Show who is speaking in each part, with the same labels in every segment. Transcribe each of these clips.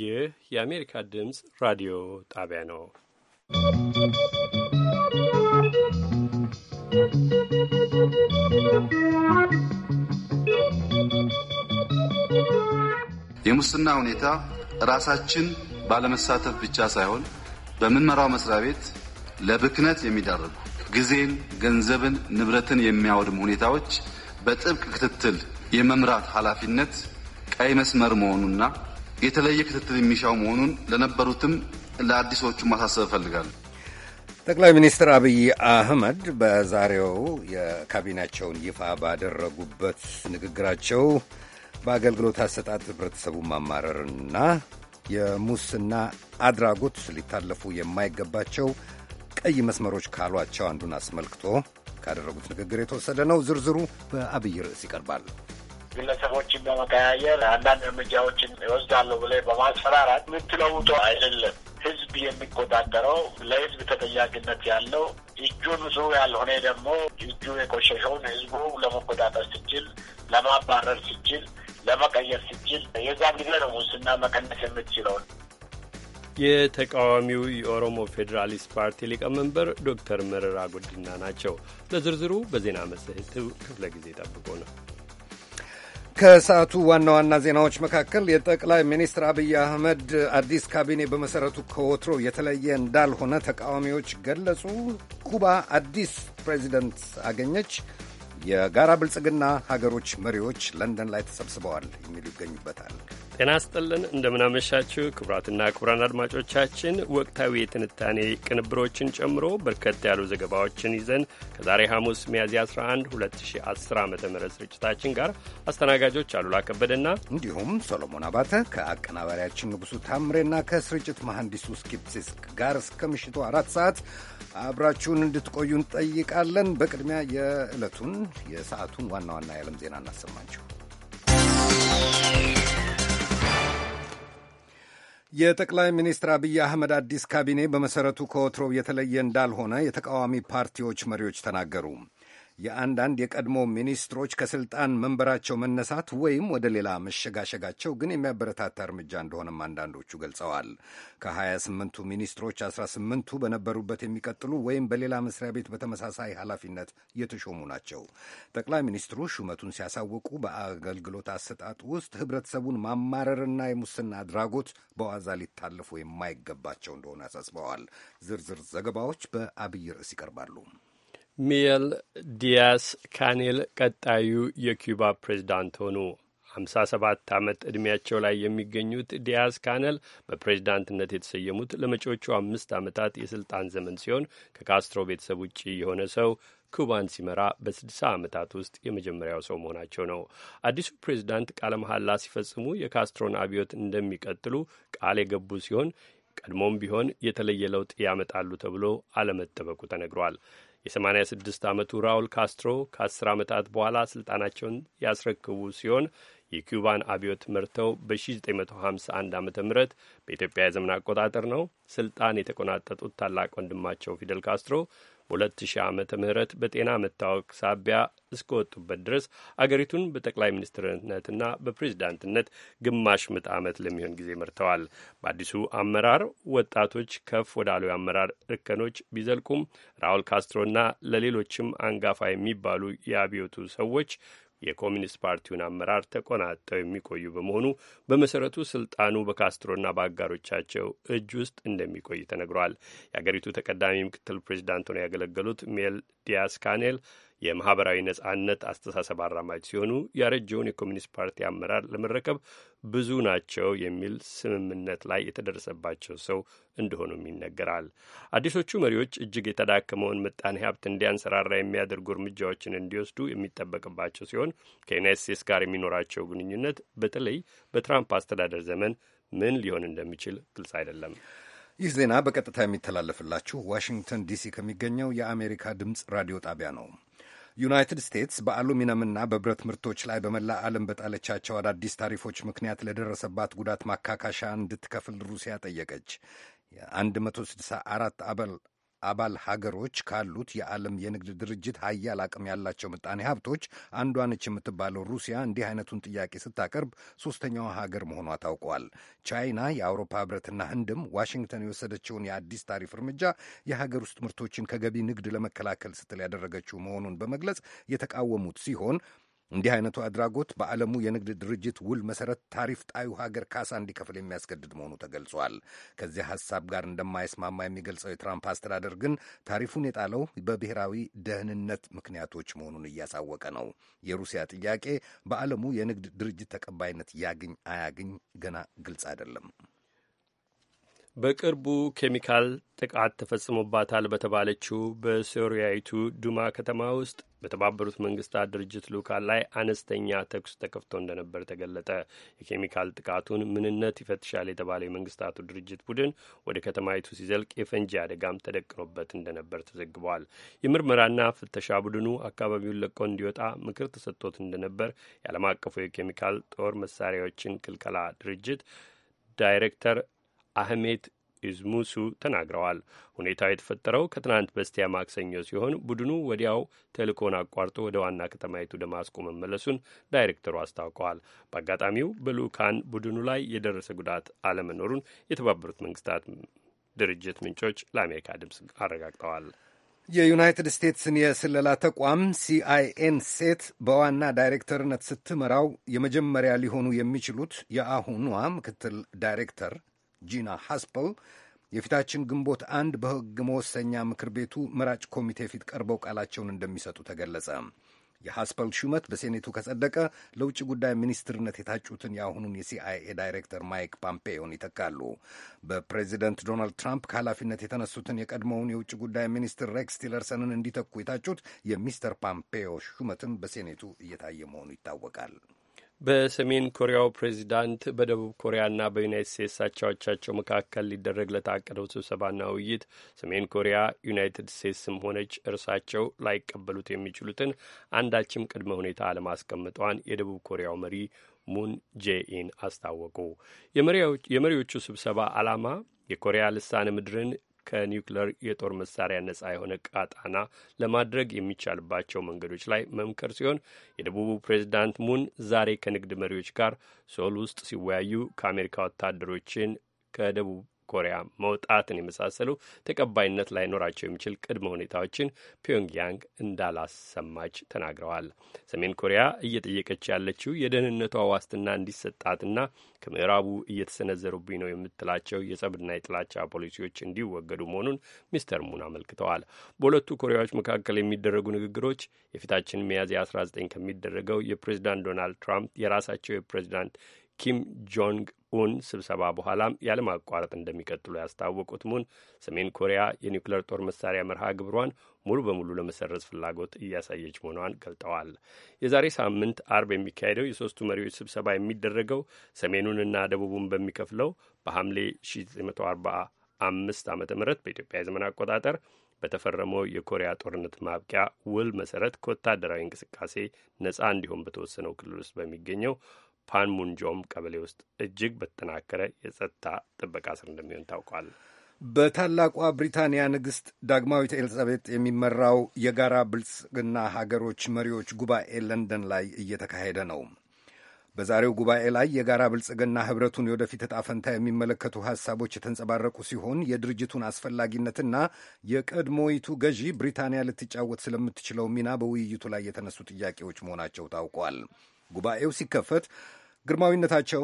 Speaker 1: ይህ የአሜሪካ ድምፅ ራዲዮ ጣቢያ ነው።
Speaker 2: የሙስና ሁኔታ ራሳችን ባለመሳተፍ ብቻ ሳይሆን በምንመራው መስሪያ ቤት ለብክነት የሚዳርጉ ጊዜን፣ ገንዘብን፣ ንብረትን የሚያወድሙ ሁኔታዎች በጥብቅ ክትትል የመምራት ኃላፊነት ቀይ መስመር መሆኑና የተለየ ክትትል የሚሻው መሆኑን ለነበሩትም ለአዲሶቹ ማሳሰብ እፈልጋለሁ።
Speaker 3: ጠቅላይ ሚኒስትር አብይ አህመድ በዛሬው የካቢናቸውን ይፋ ባደረጉበት ንግግራቸው በአገልግሎት አሰጣጥ ህብረተሰቡ ማማረርና የሙስና አድራጎት ሊታለፉ የማይገባቸው ቀይ መስመሮች ካሏቸው አንዱን አስመልክቶ ካደረጉት ንግግር የተወሰደ ነው። ዝርዝሩ በአብይ ርዕስ ይቀርባል።
Speaker 4: ግለሰቦችን በመቀያየር አንዳንድ እርምጃዎችን ይወስዳሉ ብለህ በማስፈራራት የምትለውጦ አይደለም። ህዝብ የሚቆጣጠረው ለህዝብ ተጠያቂነት ያለው እጁ ንጹህ ያልሆነ ደግሞ እጁ የቆሸሸውን ህዝቡ ለመቆጣጠር ስችል፣ ለማባረር ስችል ለመቀየር ስችል የዛን ጊዜ ነው ሙስና መቀነስ የምትችለውን።
Speaker 1: የተቃዋሚው የኦሮሞ ፌዴራሊስት ፓርቲ ሊቀመንበር ዶክተር መረራ ጉዲና ናቸው። ለዝርዝሩ በዜና መጽሔት ክፍለ ጊዜ ጠብቆ ነው።
Speaker 3: ከሰዓቱ ዋና ዋና ዜናዎች መካከል የጠቅላይ ሚኒስትር አብይ አህመድ አዲስ ካቢኔ በመሰረቱ ከወትሮ የተለየ እንዳልሆነ ተቃዋሚዎች ገለጹ። ኩባ አዲስ ፕሬዚደንት አገኘች። የጋራ ብልጽግና ሀገሮች መሪዎች ለንደን ላይ ተሰብስበዋል የሚሉ ይገኙበታል።
Speaker 1: ጤና ስጥልን እንደምናመሻችው ክቡራትና ክቡራን አድማጮቻችን ወቅታዊ የትንታኔ ቅንብሮችን ጨምሮ በርከት ያሉ ዘገባዎችን ይዘን ከዛሬ ሐሙስ ሚያዝያ 11 2010 ዓ ም ስርጭታችን ጋር አስተናጋጆች አሉላ
Speaker 3: ከበደና እንዲሁም ሶሎሞን አባተ ከአቀናባሪያችን ንጉሡ ታምሬና ከስርጭት መሐንዲሱ ስኪፕሲስክ ጋር እስከ ምሽቱ አራት ሰዓት አብራችሁን እንድትቆዩ እንጠይቃለን። በቅድሚያ የዕለቱን የሰዓቱን ዋና ዋና የዓለም ዜና እናሰማችሁ። የጠቅላይ ሚኒስትር አብይ አህመድ አዲስ ካቢኔ በመሰረቱ ከወትሮው የተለየ እንዳልሆነ የተቃዋሚ ፓርቲዎች መሪዎች ተናገሩ። የአንዳንድ የቀድሞ ሚኒስትሮች ከስልጣን መንበራቸው መነሳት ወይም ወደ ሌላ መሸጋሸጋቸው ግን የሚያበረታታ እርምጃ እንደሆነም አንዳንዶቹ ገልጸዋል። 28 ሚኒስትሮች 18ቱ በነበሩበት የሚቀጥሉ ወይም በሌላ መስሪያ ቤት በተመሳሳይ ኃላፊነት የተሾሙ ናቸው። ጠቅላይ ሚኒስትሩ ሹመቱን ሲያሳውቁ በአገልግሎት አሰጣጥ ውስጥ ህብረተሰቡን ማማረርና የሙስና አድራጎት በዋዛ ሊታለፉ የማይገባቸው እንደሆነ አሳስበዋል። ዝርዝር ዘገባዎች በአብይ ርዕስ ይቀርባሉ።
Speaker 1: ሚየል ዲያስ ካኔል ቀጣዩ የኩባ ፕሬዝዳንት ሆኑ። ሰባት ዓመት ዕድሜያቸው ላይ የሚገኙት ዲያስ ካነል በፕሬዝዳንትነት የተሰየሙት ለመጪዎቹ አምስት ዓመታት የሥልጣን ዘመን ሲሆን ከካስትሮ ቤተሰብ ውጭ የሆነ ሰው ኩባን ሲመራ በስድሳ ዓመታት ውስጥ የመጀመሪያው ሰው መሆናቸው ነው። አዲሱ ፕሬዝዳንት ቃለ መሐላ ሲፈጽሙ የካስትሮን አብዮት እንደሚቀጥሉ ቃል የገቡ ሲሆን ቀድሞም ቢሆን የተለየ ለውጥ ያመጣሉ ተብሎ አለመጠበቁ ተነግሯል። የ86 ዓመቱ ራውል ካስትሮ ከ10 ዓመታት በኋላ ስልጣናቸውን ያስረክቡ ሲሆን የኪውባን አብዮት መርተው በ1951 ዓ ም በኢትዮጵያ የዘመን አቆጣጠር ነው ስልጣን የተቆናጠጡት ታላቅ ወንድማቸው ፊደል ካስትሮ በሁለት 2000 ዓመተ ምህረት በጤና መታወቅ ሳቢያ እስከወጡበት ድረስ አገሪቱን በጠቅላይ ሚኒስትርነትና በፕሬዚዳንትነት ግማሽ ምዕተ ዓመት ለሚሆን ጊዜ መርተዋል። በአዲሱ አመራር ወጣቶች ከፍ ወዳሉ የአመራር እርከኖች ቢዘልቁም ራውል ካስትሮና ለሌሎችም አንጋፋ የሚባሉ የአብዮቱ ሰዎች የኮሚኒስት ፓርቲውን አመራር ተቆናጠው የሚቆዩ በመሆኑ በመሰረቱ ስልጣኑ በካስትሮና በአጋሮቻቸው እጅ ውስጥ እንደሚቆይ ተነግሯል። የአገሪቱ ተቀዳሚ ምክትል ፕሬዚዳንት ሆነው ያገለገሉት ሜል ዲያስ ካኔል የማህበራዊ ነጻነት አስተሳሰብ አራማጅ ሲሆኑ ያረጀውን የኮሚኒስት ፓርቲ አመራር ለመረከብ ብዙ ናቸው የሚል ስምምነት ላይ የተደረሰባቸው ሰው እንደሆኑም ይነገራል። አዲሶቹ መሪዎች እጅግ የተዳከመውን ምጣኔ ሀብት እንዲያንሰራራ የሚያደርጉ እርምጃዎችን እንዲወስዱ የሚጠበቅባቸው ሲሆን ከዩናይት ስቴትስ ጋር የሚኖራቸው ግንኙነት በተለይ በትራምፕ አስተዳደር ዘመን ምን ሊሆን እንደሚችል ግልጽ አይደለም።
Speaker 3: ይህ ዜና በቀጥታ የሚተላለፍላችሁ ዋሽንግተን ዲሲ ከሚገኘው የአሜሪካ ድምፅ ራዲዮ ጣቢያ ነው። ዩናይትድ ስቴትስ በአሉሚኒየምና በብረት ምርቶች ላይ በመላ ዓለም በጣለቻቸው አዳዲስ ታሪፎች ምክንያት ለደረሰባት ጉዳት ማካካሻ እንድትከፍል ሩሲያ ጠየቀች። የ164 አበል አባል ሀገሮች ካሉት የዓለም የንግድ ድርጅት ሀያል አቅም ያላቸው ምጣኔ ሀብቶች አንዷ ነች የምትባለው ሩሲያ እንዲህ አይነቱን ጥያቄ ስታቀርብ ሶስተኛዋ ሀገር መሆኗ ታውቋል። ቻይና፣ የአውሮፓ ህብረትና ህንድም ዋሽንግተን የወሰደችውን የአዲስ ታሪፍ እርምጃ የሀገር ውስጥ ምርቶችን ከገቢ ንግድ ለመከላከል ስትል ያደረገችው መሆኑን በመግለጽ የተቃወሙት ሲሆን እንዲህ አይነቱ አድራጎት በዓለሙ የንግድ ድርጅት ውል መሰረት ታሪፍ ጣዩ ሀገር ካሳ እንዲከፍል የሚያስገድድ መሆኑ ተገልጿል። ከዚህ ሀሳብ ጋር እንደማይስማማ የሚገልጸው የትራምፕ አስተዳደር ግን ታሪፉን የጣለው በብሔራዊ ደህንነት ምክንያቶች መሆኑን እያሳወቀ ነው። የሩሲያ ጥያቄ በዓለሙ የንግድ ድርጅት ተቀባይነት ያግኝ አያግኝ ገና ግልጽ አይደለም።
Speaker 2: በቅርቡ
Speaker 1: ኬሚካል ጥቃት ተፈጽሞባታል በተባለችው በሶሪያዊቱ ዱማ ከተማ ውስጥ በተባበሩት መንግስታት ድርጅት ልዑካን ላይ አነስተኛ ተኩስ ተከፍቶ እንደነበር ተገለጠ። የኬሚካል ጥቃቱን ምንነት ይፈትሻል የተባለ የመንግስታቱ ድርጅት ቡድን ወደ ከተማይቱ ሲዘልቅ የፈንጂ አደጋም ተደቅኖበት እንደነበር ተዘግቧል። የምርመራና ፍተሻ ቡድኑ አካባቢውን ለቆ እንዲወጣ ምክር ተሰጥቶት እንደነበር የዓለም አቀፉ የኬሚካል ጦር መሳሪያዎችን ክልከላ ድርጅት ዳይሬክተር አህሜት ኢዝሙሱ ተናግረዋል። ሁኔታው የተፈጠረው ከትናንት በስቲያ ማክሰኞ ሲሆን ቡድኑ ወዲያው ተልእኮን አቋርጦ ወደ ዋና ከተማይቱ ደማስቆ መመለሱን ዳይሬክተሩ አስታውቀዋል። በአጋጣሚው በልኡካን ቡድኑ ላይ የደረሰ ጉዳት አለመኖሩን የተባበሩት መንግስታት ድርጅት ምንጮች ለአሜሪካ ድምፅ አረጋግጠዋል።
Speaker 3: የዩናይትድ ስቴትስን የስለላ ተቋም ሲአይኤን ሴት በዋና ዳይሬክተርነት ስትመራው የመጀመሪያ ሊሆኑ የሚችሉት የአሁኗ ምክትል ዳይሬክተር ጂና ሃስፐል የፊታችን ግንቦት አንድ በሕግ መወሰኛ ምክር ቤቱ መራጭ ኮሚቴ ፊት ቀርበው ቃላቸውን እንደሚሰጡ ተገለጸ። የሃስፐል ሹመት በሴኔቱ ከጸደቀ ለውጭ ጉዳይ ሚኒስትርነት የታጩትን የአሁኑን የሲአይኤ ዳይሬክተር ማይክ ፓምፔዮን ይተካሉ። በፕሬዚደንት ዶናልድ ትራምፕ ከኃላፊነት የተነሱትን የቀድሞውን የውጭ ጉዳይ ሚኒስትር ሬክስ ቲለርሰንን እንዲተኩ የታጩት የሚስተር ፓምፔዮ ሹመትም በሴኔቱ እየታየ መሆኑ ይታወቃል።
Speaker 1: በሰሜን ኮሪያው ፕሬዚዳንት በደቡብ ኮሪያና በዩናይት ስቴትስ አቻዎቻቸው መካከል ሊደረግ ለታቀደው ስብሰባና ውይይት ሰሜን ኮሪያ ዩናይትድ ስቴትስም ሆነች እርሳቸው ላይቀበሉት የሚችሉትን አንዳችም ቅድመ ሁኔታ አለማስቀምጧን የደቡብ ኮሪያው መሪ ሙን ጄኢን አስታወቁ። የመሪዎቹ ስብሰባ ዓላማ የኮሪያ ልሳነ ምድርን ከኒውክለር የጦር መሳሪያ ነጻ የሆነ ቃጣና ለማድረግ የሚቻልባቸው መንገዶች ላይ መምከር ሲሆን የደቡቡ ፕሬዚዳንት ሙን ዛሬ ከንግድ መሪዎች ጋር ሶል ውስጥ ሲወያዩ ከአሜሪካ ወታደሮችን ከደቡብ ኮሪያ መውጣትን የመሳሰሉ ተቀባይነት ላይኖራቸው የሚችል ቅድመ ሁኔታዎችን ፒዮንግያንግ እንዳላሰማች ተናግረዋል። ሰሜን ኮሪያ እየጠየቀች ያለችው የደህንነቷ ዋስትና እንዲሰጣትና ከምዕራቡ እየተሰነዘሩብኝ ነው የምትላቸው የጸብና የጥላቻ ፖሊሲዎች እንዲወገዱ መሆኑን ሚስተር ሙን አመልክተዋል። በሁለቱ ኮሪያዎች መካከል የሚደረጉ ንግግሮች የፊታችን ሚያዝያ 19 ከሚደረገው የፕሬዚዳንት ዶናልድ ትራምፕ የራሳቸው የፕሬዚዳንት ኪም ጆንግ ኡን ስብሰባ በኋላም ያለማቋረጥ እንደሚቀጥሉ ያስታወቁት ሙን ሰሜን ኮሪያ የኒውክሌር ጦር መሳሪያ መርሃ ግብሯን ሙሉ በሙሉ ለመሰረዝ ፍላጎት እያሳየች መሆኗን ገልጠዋል። የዛሬ ሳምንት አርብ የሚካሄደው የሶስቱ መሪዎች ስብሰባ የሚደረገው ሰሜኑንና ደቡቡን በሚከፍለው በሐምሌ 1945 ዓ ም በኢትዮጵያ የዘመን አቆጣጠር በተፈረመው የኮሪያ ጦርነት ማብቂያ ውል መሰረት ከወታደራዊ እንቅስቃሴ ነጻ እንዲሆን በተወሰነው ክልል ውስጥ በሚገኘው ፓንሙንጆም ቀበሌ ውስጥ እጅግ በተጠናከረ የጸጥታ ጥበቃ ስር እንደሚሆን ታውቋል።
Speaker 3: በታላቋ ብሪታንያ ንግሥት ዳግማዊት ኤልዛቤጥ የሚመራው የጋራ ብልጽግና ሀገሮች መሪዎች ጉባኤ ለንደን ላይ እየተካሄደ ነው። በዛሬው ጉባኤ ላይ የጋራ ብልጽግና ኅብረቱን የወደፊት ዕጣ ፈንታ የሚመለከቱ ሐሳቦች የተንጸባረቁ ሲሆን የድርጅቱን አስፈላጊነትና የቀድሞይቱ ገዢ ብሪታንያ ልትጫወት ስለምትችለው ሚና በውይይቱ ላይ የተነሱ ጥያቄዎች መሆናቸው ታውቋል። ጉባኤው ሲከፈት ግርማዊነታቸው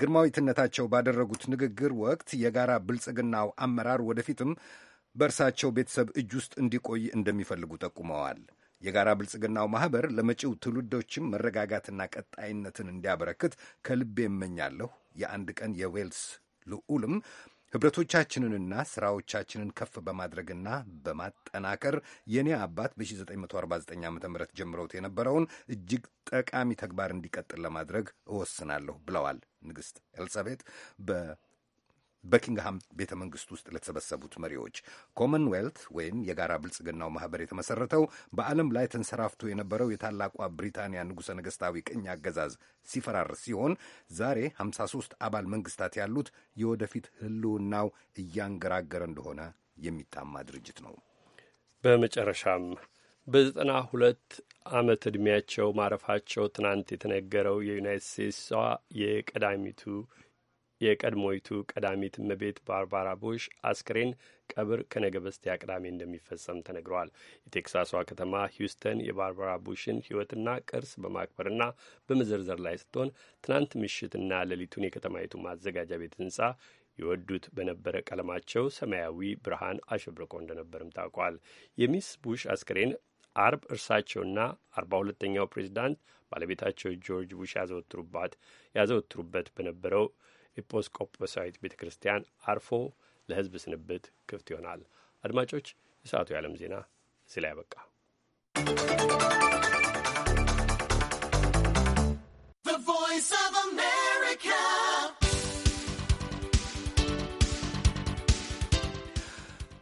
Speaker 3: ግርማዊትነታቸው ባደረጉት ንግግር ወቅት የጋራ ብልጽግናው አመራር ወደፊትም በእርሳቸው ቤተሰብ እጅ ውስጥ እንዲቆይ እንደሚፈልጉ ጠቁመዋል። የጋራ ብልጽግናው ማኅበር ለመጪው ትውልዶችም መረጋጋትና ቀጣይነትን እንዲያበረክት ከልቤ እመኛለሁ። የአንድ ቀን የዌልስ ልዑልም ኅብረቶቻችንንና ሥራዎቻችንን ከፍ በማድረግና በማጠናከር የኔ አባት በ1949 ዓ ም ጀምረውት የነበረውን እጅግ ጠቃሚ ተግባር እንዲቀጥል ለማድረግ እወስናለሁ ብለዋል ንግሥት ኤልሳቤጥ በ በኪንግሃም ቤተ መንግስት ውስጥ ለተሰበሰቡት መሪዎች ኮመንዌልት ወይም የጋራ ብልጽግናው ማህበር የተመሰረተው በዓለም ላይ ተንሰራፍቶ የነበረው የታላቋ ብሪታንያ ንጉሠ ነገሥታዊ ቅኝ አገዛዝ ሲፈራርስ ሲሆን ዛሬ 53 አባል መንግስታት ያሉት የወደፊት ህልውናው እያንገራገረ እንደሆነ የሚታማ ድርጅት ነው።
Speaker 1: በመጨረሻም በዘጠና ሁለት ዓመት ዕድሜያቸው ማረፋቸው ትናንት የተነገረው የዩናይት ስቴትሷ የቀዳሚቱ የቀድሞይቱ ቀዳሚት እመቤት ባርባራ ቡሽ አስክሬን ቀብር ከነገ በስቲያ ቅዳሜ እንደሚፈጸም ተነግረዋል። የቴክሳሷ ከተማ ሂውስተን የባርባራ ቡሽን ሕይወትና ቅርስ በማክበርና በመዘርዘር ላይ ስትሆን ትናንት ምሽትና ሌሊቱን የከተማይቱ ማዘጋጃ ቤት ህንጻ የወዱት በነበረ ቀለማቸው ሰማያዊ ብርሃን አሸብርቆ እንደነበርም ታውቋል። የሚስ ቡሽ አስክሬን አርብ እርሳቸውና አርባ ሁለተኛው ፕሬዚዳንት ባለቤታቸው ጆርጅ ቡሽ ያዘወትሩባት ያዘወትሩበት በነበረው ኤጲስቆጶሳዊት ቤተ ክርስቲያን አርፎ ለሕዝብ ስንብት ክፍት ይሆናል። አድማጮች፣ የሰዓቱ የዓለም ዜና እዚህ ላይ you.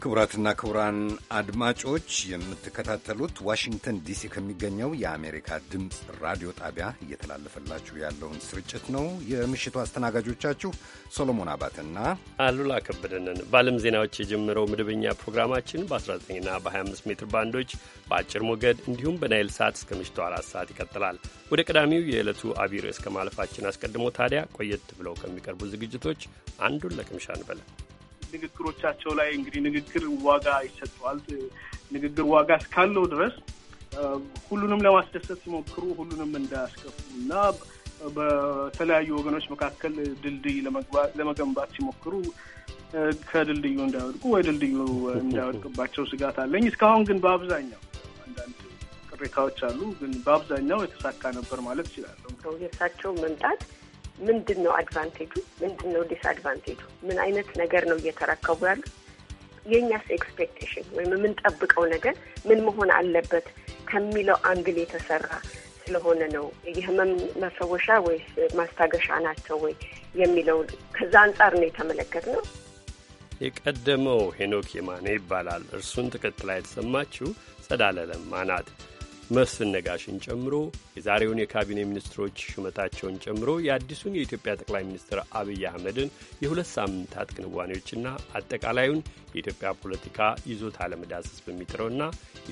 Speaker 3: ክቡራትና ክቡራን አድማጮች የምትከታተሉት ዋሽንግተን ዲሲ ከሚገኘው የአሜሪካ ድምፅ ራዲዮ ጣቢያ እየተላለፈላችሁ ያለውን ስርጭት ነው። የምሽቱ አስተናጋጆቻችሁ ሶሎሞን አባትና
Speaker 1: አሉላ ከበደንን በዓለም ዜናዎች የጀመረው መደበኛ ፕሮግራማችን በ19ና በ25 ሜትር ባንዶች በአጭር ሞገድ እንዲሁም በናይል ሰዓት እስከ ምሽቱ አራት ሰዓት ይቀጥላል። ወደ ቀዳሚው የዕለቱ አቢር እስከ ማለፋችን አስቀድሞ ታዲያ ቆየት ብለው ከሚቀርቡ ዝግጅቶች አንዱን ለቅምሻ እንበለን።
Speaker 5: ንግግሮቻቸው ላይ እንግዲህ ንግግር ዋጋ ይሰጠዋል። ንግግር ዋጋ እስካለው ድረስ ሁሉንም ለማስደሰት ሲሞክሩ ሁሉንም እንዳያስከፉ እና በተለያዩ ወገኖች መካከል ድልድይ ለመገንባት ሲሞክሩ ከድልድዩ እንዳይወድቁ ወይ ድልድዩ እንዳይወድቅባቸው ስጋት አለኝ። እስካሁን ግን በአብዛኛው አንዳንድ ቅሬታዎች አሉ፣ ግን በአብዛኛው የተሳካ ነበር ማለት ይችላለሁ።
Speaker 6: ሰው መምጣት ምንድን ነው አድቫንቴጁ? ምንድን ነው ዲስአድቫንቴጁ? ምን አይነት ነገር ነው እየተረከቡ ያሉ? የእኛስ ኤክስፔክቴሽን ወይም የምንጠብቀው ነገር ምን መሆን አለበት ከሚለው አንግል የተሰራ ስለሆነ ነው የህመም መፈወሻ ወይስ ማስታገሻ ናቸው ወይ የሚለው ከዛ አንጻር ነው የተመለከት ነው።
Speaker 1: የቀደመው ሄኖክ የማነ ይባላል። እርሱን ተከትላ የተሰማችው ጸዳለ ለማ ናት። መስፍን ነጋሽን ጨምሮ የዛሬውን የካቢኔ ሚኒስትሮች ሹመታቸውን ጨምሮ የአዲሱን የኢትዮጵያ ጠቅላይ ሚኒስትር አብይ አህመድን የሁለት ሳምንታት ክንዋኔዎችና አጠቃላዩን የኢትዮጵያ ፖለቲካ ይዞታ ለመዳሰስ በሚጥረውና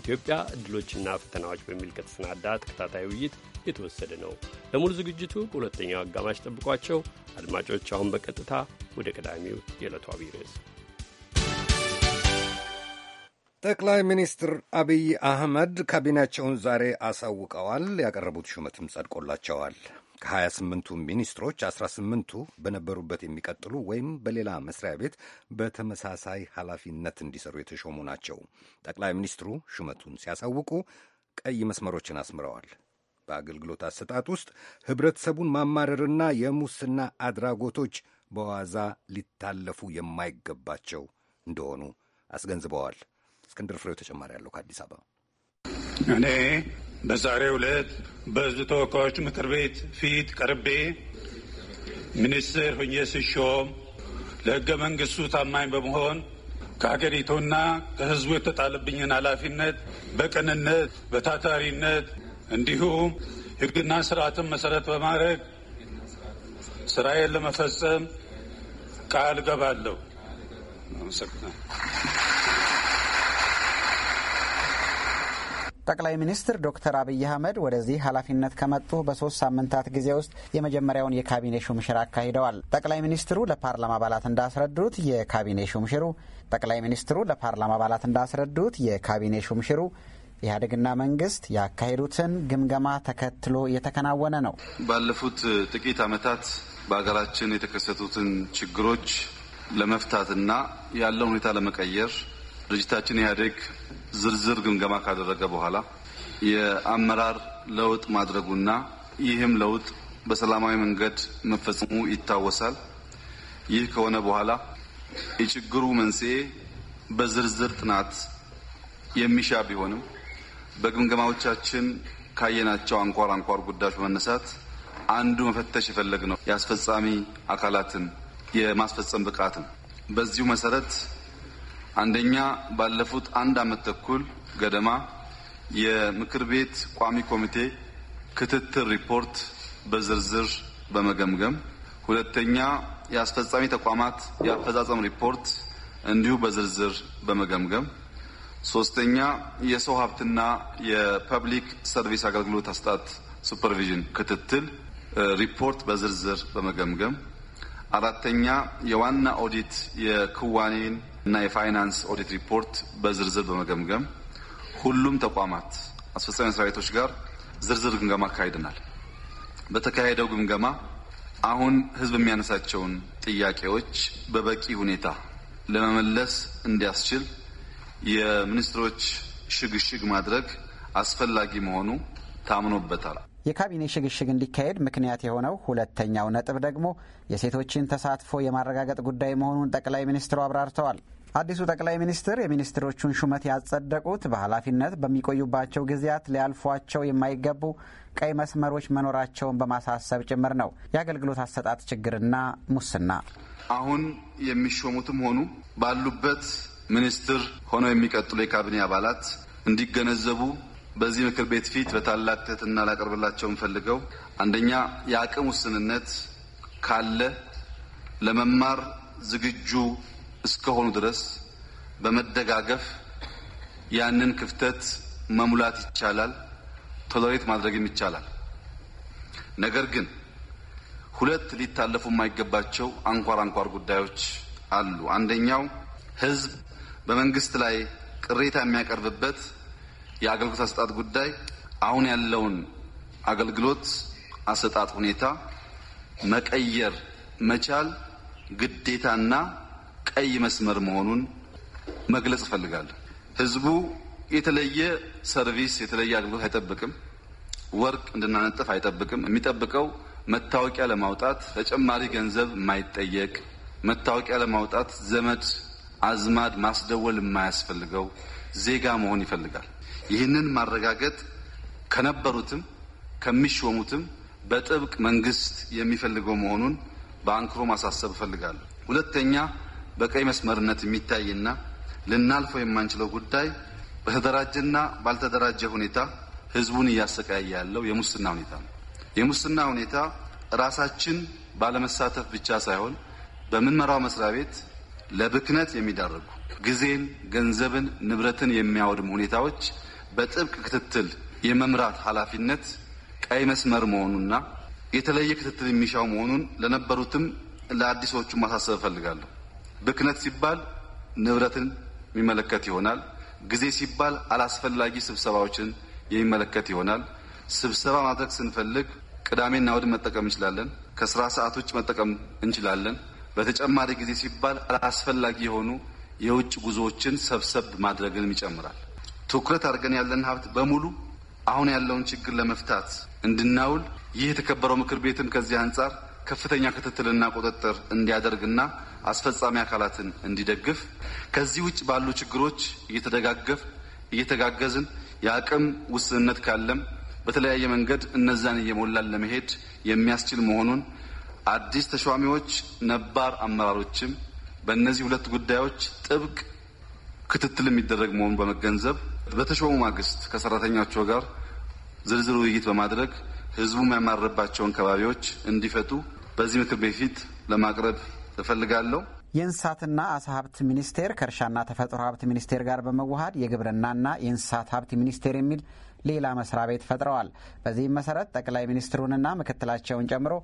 Speaker 1: ኢትዮጵያ እድሎችና ፈተናዎች በሚል ከተሰናዳ ተከታታይ ውይይት የተወሰደ ነው። ለሙሉ ዝግጅቱ በሁለተኛው አጋማሽ ጠብቋቸው አድማጮች። አሁን በቀጥታ ወደ ቀዳሚው የዕለቱ አብይ ርዕስ
Speaker 3: ጠቅላይ ሚኒስትር አብይ አህመድ ካቢናቸውን ዛሬ አሳውቀዋል። ያቀረቡት ሹመትም ጸድቆላቸዋል። ከ28ቱ ሚኒስትሮች 18ቱ በነበሩበት የሚቀጥሉ ወይም በሌላ መስሪያ ቤት በተመሳሳይ ኃላፊነት እንዲሰሩ የተሾሙ ናቸው። ጠቅላይ ሚኒስትሩ ሹመቱን ሲያሳውቁ ቀይ መስመሮችን አስምረዋል። በአገልግሎት አሰጣጥ ውስጥ ህብረተሰቡን ማማረርና የሙስና አድራጎቶች በዋዛ ሊታለፉ የማይገባቸው እንደሆኑ አስገንዝበዋል። እስክንድር ፍሬው ተጨማሪ ያለው ከአዲስ አበባ። እኔ
Speaker 2: በዛሬው ዕለት በሕዝብ ተወካዮች ምክር ቤት ፊት ቀርቤ ሚኒስትር ሁኜ ስሾም ለሕገ መንግስቱ ታማኝ በመሆን ከሀገሪቱና ከሕዝቡ የተጣለብኝን ኃላፊነት በቅንነት በታታሪነት እንዲሁም ሕግና ስርዓትን መሰረት በማድረግ ስራዬን ለመፈጸም ቃል ገባለሁ።
Speaker 7: ጠቅላይ ሚኒስትር ዶክተር አብይ አህመድ ወደዚህ ኃላፊነት ከመጡ በሶስት ሳምንታት ጊዜ ውስጥ የመጀመሪያውን የካቢኔ ሹምሽር አካሂደዋል። ጠቅላይ ሚኒስትሩ ለፓርላማ አባላት እንዳስረዱት የካቢኔ ሹምሽሩ ጠቅላይ ሚኒስትሩ ለፓርላማ አባላት እንዳስረዱት የካቢኔ ሹምሽሩ ኢህአዴግና መንግስት ያካሄዱትን ግምገማ ተከትሎ እየተከናወነ ነው።
Speaker 2: ባለፉት ጥቂት ዓመታት በሀገራችን የተከሰቱትን ችግሮች ለመፍታትና ያለውን ሁኔታ ለመቀየር ድርጅታችን ኢህአዴግ ዝርዝር ግምገማ ካደረገ በኋላ የአመራር ለውጥ ማድረጉና ይህም ለውጥ በሰላማዊ መንገድ መፈጸሙ ይታወሳል። ይህ ከሆነ በኋላ የችግሩ መንስኤ በዝርዝር ጥናት የሚሻ ቢሆንም በግምገማዎቻችን ካየናቸው አንኳር አንኳር ጉዳዮች በመነሳት አንዱ መፈተሽ የፈለግ ነው የአስፈጻሚ አካላትን የማስፈጸም ብቃትን። በዚሁ መሰረት አንደኛ ባለፉት አንድ ዓመት ተኩል ገደማ የምክር ቤት ቋሚ ኮሚቴ ክትትል ሪፖርት በዝርዝር በመገምገም፣ ሁለተኛ የአስፈጻሚ ተቋማት የአፈጻጸም ሪፖርት እንዲሁ በዝርዝር በመገምገም፣ ሶስተኛ የሰው ሀብትና የፐብሊክ ሰርቪስ አገልግሎት አስጣት ሱፐርቪዥን ክትትል ሪፖርት በዝርዝር በመገምገም፣ አራተኛ የዋና ኦዲት የክዋኔን እና የፋይናንስ ኦዲት ሪፖርት በዝርዝር በመገምገም ሁሉም ተቋማት አስፈጻሚ መስሪያ ቤቶች ጋር ዝርዝር ግምገማ አካሂደናል። በተካሄደው ግምገማ አሁን ህዝብ የሚያነሳቸውን ጥያቄዎች በበቂ ሁኔታ ለመመለስ እንዲያስችል የሚኒስትሮች ሽግሽግ ማድረግ አስፈላጊ መሆኑ ታምኖበታል።
Speaker 7: የካቢኔ ሽግሽግ እንዲካሄድ ምክንያት የሆነው ሁለተኛው ነጥብ ደግሞ የሴቶችን ተሳትፎ የማረጋገጥ ጉዳይ መሆኑን ጠቅላይ ሚኒስትሩ አብራርተዋል። አዲሱ ጠቅላይ ሚኒስትር የሚኒስትሮቹን ሹመት ያጸደቁት በኃላፊነት በሚቆዩባቸው ጊዜያት ሊያልፏቸው የማይገቡ ቀይ መስመሮች መኖራቸውን በማሳሰብ ጭምር ነው። የአገልግሎት አሰጣጥ ችግርና ሙስና
Speaker 2: አሁን የሚሾሙትም ሆኑ ባሉበት ሚኒስትር ሆነው የሚቀጥሉ የካቢኔ አባላት እንዲገነዘቡ በዚህ ምክር ቤት ፊት በታላቅ ትህትና ላቀርብላቸው ንፈልገው አንደኛ የአቅም ውስንነት ካለ ለመማር ዝግጁ እስከሆኑ ድረስ በመደጋገፍ ያንን ክፍተት መሙላት ይቻላል፣ ቶለሬት ማድረግም ይቻላል። ነገር ግን ሁለት ሊታለፉ የማይገባቸው አንኳር አንኳር ጉዳዮች አሉ። አንደኛው ህዝብ በመንግስት ላይ ቅሬታ የሚያቀርብበት የአገልግሎት አሰጣጥ ጉዳይ አሁን ያለውን አገልግሎት አሰጣጥ ሁኔታ መቀየር መቻል ግዴታና ቀይ መስመር መሆኑን መግለጽ እፈልጋለሁ። ህዝቡ የተለየ ሰርቪስ የተለየ አገልግሎት አይጠብቅም። ወርቅ እንድናነጥፍ አይጠብቅም። የሚጠብቀው መታወቂያ ለማውጣት ተጨማሪ ገንዘብ የማይጠየቅ መታወቂያ ለማውጣት ዘመድ አዝማድ ማስደወል የማያስፈልገው ዜጋ መሆን ይፈልጋል። ይህንን ማረጋገጥ ከነበሩትም ከሚሾሙትም በጥብቅ መንግስት የሚፈልገው መሆኑን በአንክሮ ማሳሰብ እፈልጋለሁ። ሁለተኛ በቀይ መስመርነት የሚታይና ልናልፈው የማንችለው ጉዳይ በተደራጀና ባልተደራጀ ሁኔታ ህዝቡን እያሰቃየ ያለው የሙስና ሁኔታ ነው። የሙስና ሁኔታ ራሳችን ባለመሳተፍ ብቻ ሳይሆን በምንመራው መስሪያ ቤት ለብክነት የሚዳርጉ ጊዜን፣ ገንዘብን፣ ንብረትን የሚያወድሙ ሁኔታዎች በጥብቅ ክትትል የመምራት ኃላፊነት ቀይ መስመር መሆኑና የተለየ ክትትል የሚሻው መሆኑን ለነበሩትም ለአዲሶቹ ማሳሰብ እፈልጋለሁ። ብክነት ሲባል ንብረትን የሚመለከት ይሆናል። ጊዜ ሲባል አላስፈላጊ ስብሰባዎችን የሚመለከት ይሆናል። ስብሰባ ማድረግ ስንፈልግ ቅዳሜና እሁድን መጠቀም እንችላለን። ከስራ ሰዓት ውጭ መጠቀም እንችላለን። በተጨማሪ ጊዜ ሲባል አላስፈላጊ የሆኑ የውጭ ጉዞዎችን ሰብሰብ ማድረግንም ይጨምራል። ትኩረት አድርገን ያለን ሀብት በሙሉ አሁን ያለውን ችግር ለመፍታት እንድናውል ይህ የተከበረው ምክር ቤትም ከዚህ አንጻር ከፍተኛ ክትትልና ቁጥጥር እንዲያደርግና አስፈጻሚ አካላትን እንዲደግፍ ከዚህ ውጭ ባሉ ችግሮች እየተደጋገፍ እየተጋገዝን የአቅም ውስንነት ካለም በተለያየ መንገድ እነዛን እየሞላን ለመሄድ የሚያስችል መሆኑን አዲስ ተሿሚዎች ነባር አመራሮችም በእነዚህ ሁለት ጉዳዮች ጥብቅ ክትትል የሚደረግ መሆኑን በመገንዘብ በተሾሙ ማግስት ከሰራተኛቸው ጋር ዝርዝር ውይይት በማድረግ ህዝቡ የሚያማርባቸውን ከባቢዎች እንዲፈቱ በዚህ ምክር ቤት ፊት ለማቅረብ እፈልጋለሁ።
Speaker 7: የእንስሳትና አሳ ሀብት ሚኒስቴር ከእርሻና ተፈጥሮ ሀብት ሚኒስቴር ጋር በመዋሃድ የግብርናና የእንስሳት ሀብት ሚኒስቴር የሚል ሌላ መስሪያ ቤት ፈጥረዋል። በዚህም መሰረት ጠቅላይ ሚኒስትሩንና ምክትላቸውን ጨምሮ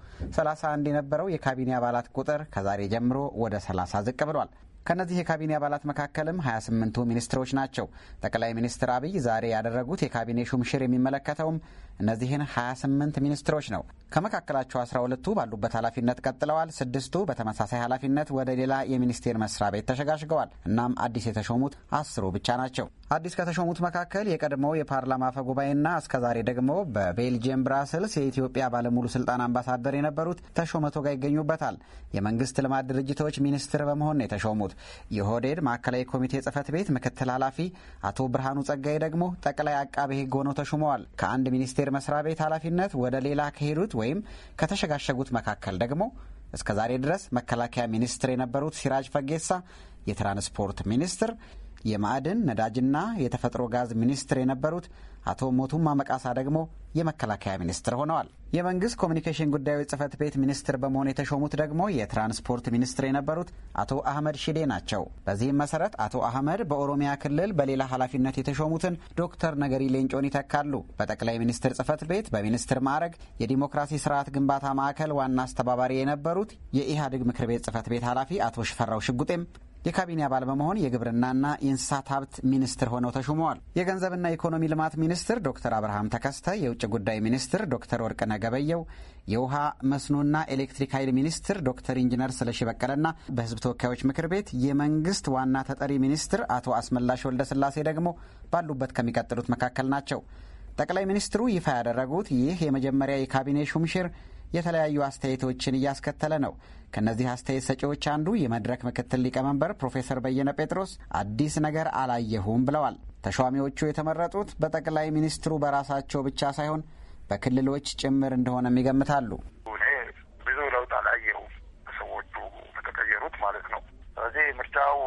Speaker 7: 31 የነበረው የካቢኔ አባላት ቁጥር ከዛሬ ጀምሮ ወደ 30 ዝቅ ብሏል። ከእነዚህ የካቢኔ አባላት መካከልም 28ቱ ሚኒስትሮች ናቸው። ጠቅላይ ሚኒስትር አብይ ዛሬ ያደረጉት የካቢኔ ሹምሽር የሚመለከተውም እነዚህን 28 ሚኒስትሮች ነው። ከመካከላቸው 12ቱ ባሉበት ኃላፊነት ቀጥለዋል። ስድስቱ በተመሳሳይ ኃላፊነት ወደ ሌላ የሚኒስቴር መስሪያ ቤት ተሸጋሽገዋል። እናም አዲስ የተሾሙት አስሩ ብቻ ናቸው። አዲስ ከተሾሙት መካከል የቀድሞው የፓርላማ አፈ ጉባኤና እስከዛሬ ደግሞ በቤልጅየም ብራስልስ የኢትዮጵያ ባለሙሉ ስልጣን አምባሳደር የነበሩት ተሾመ ቶጋ ይገኙበታል። የመንግስት ልማት ድርጅቶች ሚኒስትር በመሆን ነው የተሾሙት። የሆዴድ ማዕከላዊ ኮሚቴ ጽህፈት ቤት ምክትል ኃላፊ አቶ ብርሃኑ ጸጋዬ ደግሞ ጠቅላይ አቃቤ ህግ ሆነው ተሾመዋል። ከአንድ ሚኒስቴር መስሪያ ቤት ኃላፊነት ወደ ሌላ ከሄዱት ወይም ከተሸጋሸጉት መካከል ደግሞ እስከዛሬ ድረስ መከላከያ ሚኒስትር የነበሩት ሲራጅ ፈጌሳ፣ የትራንስፖርት ሚኒስትር የማዕድን ነዳጅና የተፈጥሮ ጋዝ ሚኒስትር የነበሩት አቶ ሞቱማ መቃሳ ደግሞ የመከላከያ ሚኒስትር ሆነዋል። የመንግስት ኮሚኒኬሽን ጉዳዮች ጽህፈት ቤት ሚኒስትር በመሆን የተሾሙት ደግሞ የትራንስፖርት ሚኒስትር የነበሩት አቶ አህመድ ሺዴ ናቸው። በዚህም መሰረት አቶ አህመድ በኦሮሚያ ክልል በሌላ ኃላፊነት የተሾሙትን ዶክተር ነገሪ ሌንጮን ይተካሉ። በጠቅላይ ሚኒስትር ጽህፈት ቤት በሚኒስትር ማዕረግ የዲሞክራሲ ስርዓት ግንባታ ማዕከል ዋና አስተባባሪ የነበሩት የኢህአዴግ ምክር ቤት ጽህፈት ቤት ኃላፊ አቶ ሽፈራው ሽጉጤም የካቢኔ አባል በመሆን የግብርናና የእንስሳት ሀብት ሚኒስትር ሆነው ተሹመዋል። የገንዘብና ኢኮኖሚ ልማት ሚኒስትር ዶክተር አብርሃም ተከስተ፣ የውጭ ጉዳይ ሚኒስትር ዶክተር ወርቅነህ ነገበየው የውሃ መስኖና ኤሌክትሪክ ኃይል ሚኒስትር ዶክተር ኢንጂነር ስለሺ በቀለና በህዝብ ተወካዮች ምክር ቤት የመንግስት ዋና ተጠሪ ሚኒስትር አቶ አስመላሽ ወልደስላሴ ደግሞ ባሉበት ከሚቀጥሉት መካከል ናቸው። ጠቅላይ ሚኒስትሩ ይፋ ያደረጉት ይህ የመጀመሪያ የካቢኔ ሹምሽር የተለያዩ አስተያየቶችን እያስከተለ ነው። ከእነዚህ አስተያየት ሰጪዎች አንዱ የመድረክ ምክትል ሊቀመንበር ፕሮፌሰር በየነ ጴጥሮስ አዲስ ነገር አላየሁም ብለዋል። ተሿሚዎቹ የተመረጡት በጠቅላይ ሚኒስትሩ በራሳቸው ብቻ ሳይሆን በክልሎች ጭምር እንደሆነም ይገምታሉ።
Speaker 8: እኔ ብዙ ለውጥ አላየሁም ሰዎቹ በተቀየሩት ማለት ነው። ስለዚህ ምርጫው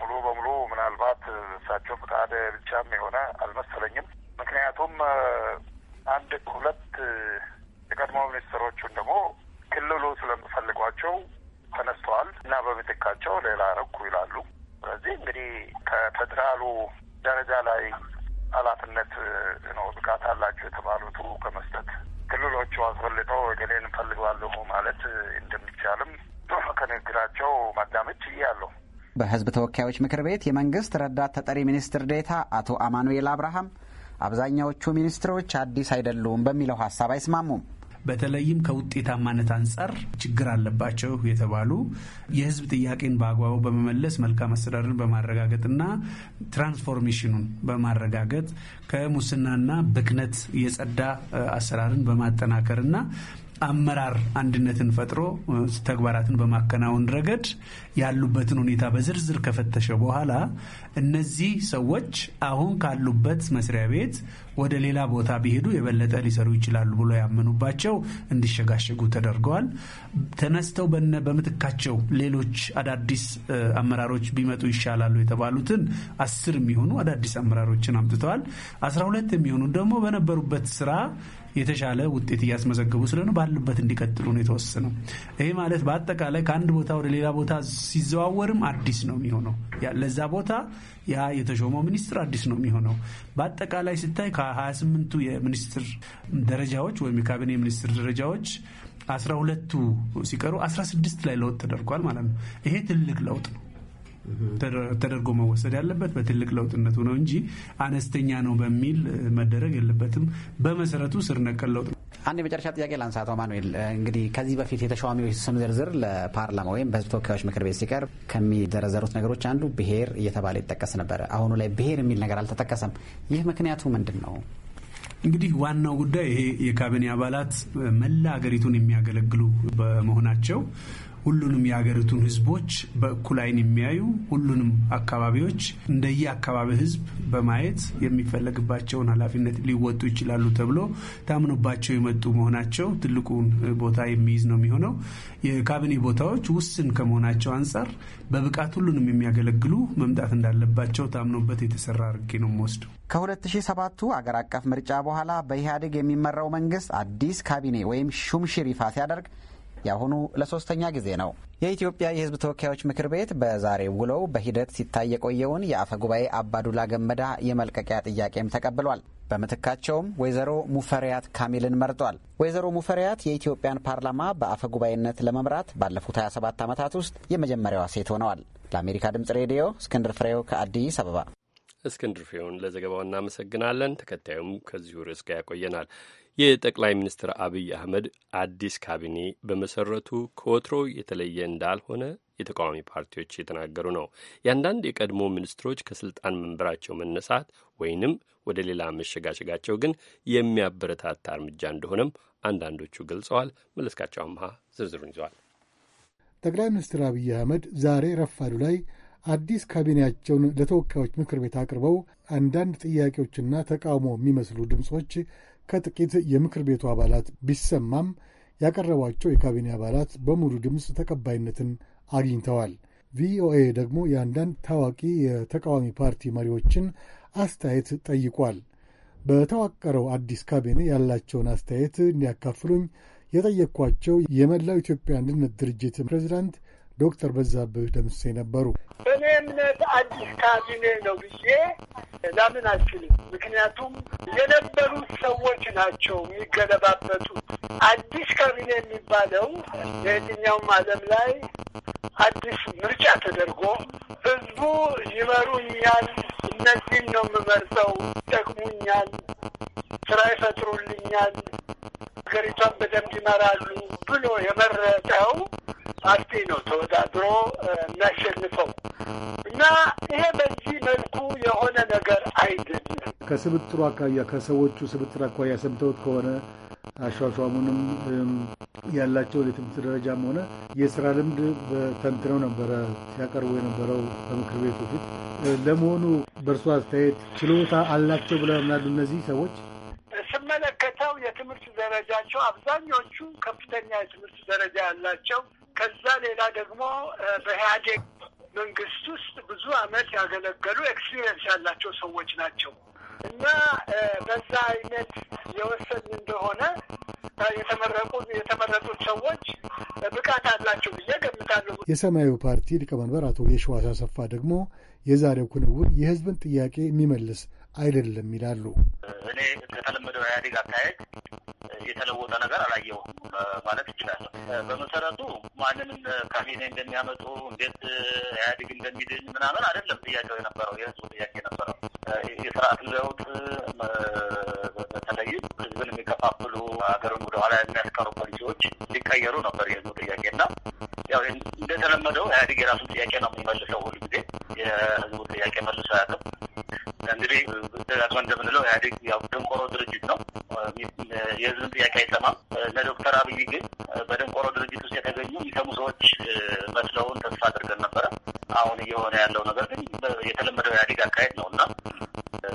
Speaker 8: ሙሉ በሙሉ ምናልባት እሳቸው ፍቃድ ብቻም የሆነ አልመሰለኝም። ምክንያቱም አንድ ሁለት የቀድሞ ሚኒስትሮቹን ደግሞ ክልሉ ስለምፈልጓቸው ተነስተዋል እና በምትካቸው ሌላ ረኩ ይላሉ። ስለዚህ እንግዲህ ከፌዴራሉ ደረጃ ላይ ኃላፊነት ነው ብቃት አላቸው የተባሉት ከመስጠት ክልሎቹ አስፈልጠው ወገሌን እንፈልገዋለሁ ማለት እንደሚቻልም ከንግግራቸው ማዳመጭ እያለሁ
Speaker 7: በህዝብ ተወካዮች ምክር ቤት የመንግስት ረዳት ተጠሪ ሚኒስትር ዴታ አቶ አማኑኤል አብርሃም አብዛኛዎቹ ሚኒስትሮች አዲስ አይደሉም በሚለው ሀሳብ አይስማሙም።
Speaker 9: በተለይም ከውጤታማነት አንጻር ችግር አለባቸው የተባሉ የህዝብ ጥያቄን በአግባቡ በመመለስ መልካም አስተዳደርን በማረጋገጥና ትራንስፎርሜሽኑን በማረጋገጥ ከሙስናና ብክነት የጸዳ አሰራርን በማጠናከርና አመራር አንድነትን ፈጥሮ ተግባራትን በማከናወን ረገድ ያሉበትን ሁኔታ በዝርዝር ከፈተሸ በኋላ እነዚህ ሰዎች አሁን ካሉበት መስሪያ ቤት ወደ ሌላ ቦታ ቢሄዱ የበለጠ ሊሰሩ ይችላሉ ብሎ ያመኑባቸው እንዲሸጋሸጉ ተደርገዋል። ተነስተው በምትካቸው ሌሎች አዳዲስ አመራሮች ቢመጡ ይሻላሉ የተባሉትን አስር የሚሆኑ አዳዲስ አመራሮችን አምጥተዋል። አስራ ሁለት የሚሆኑ ደግሞ በነበሩበት ስራ የተሻለ ውጤት እያስመዘገቡ ስለሆነ ባሉበት እንዲቀጥሉ ነው የተወሰነው። ይሄ ማለት በአጠቃላይ ከአንድ ቦታ ወደ ሌላ ቦታ ሲዘዋወርም አዲስ ነው የሚሆነው። ለዛ ቦታ ያ የተሾመው ሚኒስትር አዲስ ነው የሚሆነው። በአጠቃላይ ስታይ ከ28ቱ የሚኒስትር ደረጃዎች ወይም የካቢኔ ሚኒስትር ደረጃዎች አስራ ሁለቱ ሲቀሩ አስራ ስድስት ላይ ለውጥ ተደርጓል ማለት ነው። ይሄ ትልቅ ለውጥ ነው። ተደርጎ መወሰድ ያለበት በትልቅ ለውጥነቱ ነው እንጂ አነስተኛ ነው በሚል መደረግ የለበትም። በመሰረቱ ስር ነቀል ለውጥ ነው።
Speaker 7: አንድ የመጨረሻ ጥያቄ ላንሳ። አቶ ማኑኤል እንግዲህ ከዚህ በፊት የተሿሚዎች ስም ዝርዝር ለፓርላማ ወይም በህዝብ ተወካዮች ምክር ቤት ሲቀርብ ከሚዘረዘሩት ነገሮች አንዱ ብሄር እየተባለ ይጠቀስ ነበረ። አሁኑ ላይ ብሄር የሚል ነገር አልተጠቀሰም። ይህ ምክንያቱ ምንድን ነው?
Speaker 9: እንግዲህ ዋናው ጉዳይ ይሄ የካቢኔ አባላት መላ ሀገሪቱን የሚያገለግሉ በመሆናቸው ሁሉንም የሀገሪቱን ህዝቦች በእኩል አይን የሚያዩ ሁሉንም አካባቢዎች እንደየ አካባቢ ህዝብ በማየት የሚፈለግባቸውን ኃላፊነት ሊወጡ ይችላሉ ተብሎ ታምኖባቸው የመጡ መሆናቸው ትልቁን ቦታ የሚይዝ ነው የሚሆነው። የካቢኔ ቦታዎች ውስን ከመሆናቸው አንጻር በብቃት ሁሉንም የሚያገለግሉ መምጣት እንዳለባቸው ታምኖበት
Speaker 7: የተሰራ አድርጌ ነው የምወስደው። 207 አገር አቀፍ ምርጫ በኋላ በኢህአዴግ የሚመራው መንግስት አዲስ ካቢኔ ወይም ሹምሽር ይፋ ሲያደርግ የአሁኑ ለሶስተኛ ጊዜ ነው። የኢትዮጵያ የሕዝብ ተወካዮች ምክር ቤት በዛሬ ውለው በሂደት ሲታይ የቆየውን የአፈ ጉባኤ አባዱላ ገመዳ የመልቀቂያ ጥያቄም ተቀብሏል። በምትካቸውም ወይዘሮ ሙፈሪያት ካሚልን መርጧል። ወይዘሮ ሙፈሪያት የኢትዮጵያን ፓርላማ በአፈ ጉባኤነት ለመምራት ባለፉት 27 ዓመታት ውስጥ የመጀመሪያዋ ሴት ሆነዋል። ለአሜሪካ ድምጽ ሬዲዮ እስክንድር ፍሬው ከአዲስ አበባ።
Speaker 1: እስክንድር ፍሬውን ለዘገባው እናመሰግናለን። ተከታዩም ከዚሁ ርዕስ ጋር ያቆየናል። የጠቅላይ ሚኒስትር አብይ አህመድ አዲስ ካቢኔ በመሰረቱ ከወትሮ የተለየ እንዳልሆነ የተቃዋሚ ፓርቲዎች የተናገሩ ነው። የአንዳንድ የቀድሞ ሚኒስትሮች ከስልጣን መንበራቸው መነሳት ወይንም ወደ ሌላ መሸጋሸጋቸው ግን የሚያበረታታ እርምጃ እንደሆነም አንዳንዶቹ ገልጸዋል። መለስካቸው አምሃ ዝርዝሩን ይዘዋል።
Speaker 10: ጠቅላይ ሚኒስትር አብይ አህመድ ዛሬ ረፋዱ ላይ አዲስ ካቢኔያቸውን ለተወካዮች ምክር ቤት አቅርበው አንዳንድ ጥያቄዎችና ተቃውሞ የሚመስሉ ድምፆች ከጥቂት የምክር ቤቱ አባላት ቢሰማም ያቀረቧቸው የካቢኔ አባላት በሙሉ ድምፅ ተቀባይነትን አግኝተዋል። ቪኦኤ ደግሞ የአንዳንድ ታዋቂ የተቃዋሚ ፓርቲ መሪዎችን አስተያየት ጠይቋል። በተዋቀረው አዲስ ካቢኔ ያላቸውን አስተያየት እንዲያካፍሉኝ የጠየቅኳቸው የመላው ኢትዮጵያ አንድነት ድርጅት ፕሬዚዳንት ዶክተር በዛብህ ደምሴ ነበሩ።
Speaker 11: በእኔ እምነት አዲስ ካቢኔ ነው ብዬ ላምን አልችልም። ምክንያቱም የነበሩት ሰዎች ናቸው የሚገለባበቱ። አዲስ ካቢኔ የሚባለው የትኛውም ዓለም ላይ አዲስ ምርጫ ተደርጎ ህዝቡ ይመሩኛል፣ እነዚህም ነው የምመርጠው፣ ይጠቅሙኛል፣ ስራ ይፈጥሩልኛል፣ ሀገሪቷን በደንብ ይመራሉ ብሎ የመረጠው ፓርቲ ነው ተወዳድሮ የሚያሸንፈው። እና ይሄ በዚህ መልኩ የሆነ
Speaker 10: ነገር አይደለም። ከስብጥሩ አኳያ ከሰዎቹ ስብጥር አኳያ ሰምተውት ከሆነ አሿሿሙንም ያላቸውን የትምህርት ደረጃም ሆነ የስራ ልምድ በተንትነው ነበረ ሲያቀርቡ የነበረው በምክር ቤቱ ፊት። ለመሆኑ በእርሶ አስተያየት ችሎታ አላቸው ብለው ያምናሉ እነዚህ ሰዎች?
Speaker 11: ስመለከተው የትምህርት ደረጃቸው አብዛኞቹ ከፍተኛ የትምህርት ደረጃ ያላቸው ከዛ ሌላ ደግሞ በኢህአዴግ መንግስት ውስጥ ብዙ አመት ያገለገሉ ኤክስፒሪየንስ ያላቸው ሰዎች ናቸው እና በዛ አይነት የወሰን እንደሆነ የተመረቁ የተመረጡት ሰዎች ብቃት አላቸው ብዬ
Speaker 10: ገምታለሁ። የሰማያዊ ፓርቲ ሊቀመንበር አቶ የሸዋስ አሰፋ ደግሞ የዛሬው ክንውን የህዝብን ጥያቄ የሚመልስ አይደለም ይላሉ።
Speaker 8: እኔ ከተለመደው ኢህአዴግ አካሄድ የተለወጠ ነገር አላየሁም ማለት ይችላል። በመሰረቱ ማንንም ካቢኔ እንደሚያመጡ እንዴት ኢህአዴግ እንደሚድን ምናምን አይደለም ጥያቄው የነበረው የህዝቡ ጥያቄ ነበረው። የስርዓት ለውጥ በተለይም ህዝብን የሚከፋፍሉ ሀገርን ወደኋላ የሚያስቀሩ ፖሊሲዎች ሊቀየሩ ነበር የህዝቡ እና ያው እንደተለመደው ኢህአዴግ የራሱን ጥያቄ ነው የሚመልሰው። ሁሉ ጊዜ የህዝቡ ጥያቄ መልሶ ያለው እንግዲህ ደጋግመ እንደምንለው ኢህአዴግ ያው ደንቆሮ ድርጅት ነው። የህዝብን ጥያቄ አይሰማም። ለዶክተር አብይ ግን በደንቆሮ ድርጅት ውስጥ የተገኙ የሚሰሙ ሰዎች መስለውን ተስፋ አድርገን ነበረ። አሁን እየሆነ ያለው ነገር ግን የተለመደው ኢህአዴግ አካሄድ ነው እና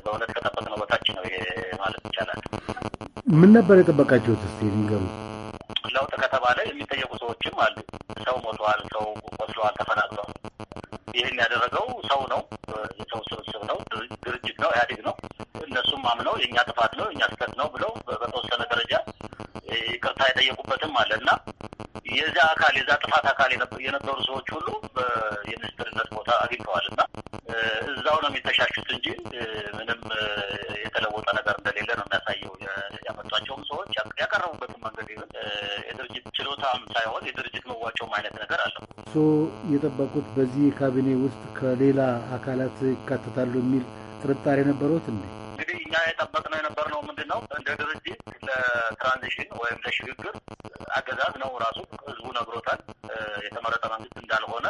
Speaker 8: በእውነት ከጠበቅነው በታች ነው ይሄ ማለት ይቻላል።
Speaker 10: ምን ነበር የጠበቃችሁት? እስኪ ንገሩ።
Speaker 8: ለውጥ ከተባለ የሚጠየቁ ሰዎችም አሉ። ሰው ሞተዋል፣ ሰው ቆስለዋል፣ ተፈናቅለዋል። ይህን ያደረገው ሰው ነው፣ የሰው ስብስብ ነው፣ ድርጅት ነው፣ ኢህአዴግ ነው። እነሱም አምነው የእኛ ጥፋት ነው የእኛ ስህተት ነው ብለው በተወሰነ ደረጃ ይቅርታ የጠየቁበትም አለ እና የዚያ አካል የዛ ጥፋት አካል የነበሩ ሰዎች ሁሉ የሚኒስትርነት ቦታ አግኝተዋል እና እዛው ነው የሚተሻሹት እንጂ ምንም የተለወጠ ነገር ችሎታም ሳይሆን የድርጅት መዋጮም አይነት
Speaker 10: ነገር አለው። እሱ የጠበቁት በዚህ ካቢኔ ውስጥ ከሌላ አካላት ይካተታሉ የሚል ጥርጣሬ ነበሮት እንዴ? እንግዲህ እኛ የጠበቅነው የነበርነው ምንድን
Speaker 8: ነው እንደ ድርጅት ለትራንዚሽን ወይም ለሽግግር አገዛዝ ነው ራሱ ህዝቡ ነግሮታል። የተመረጠ መንግስት እንዳልሆነ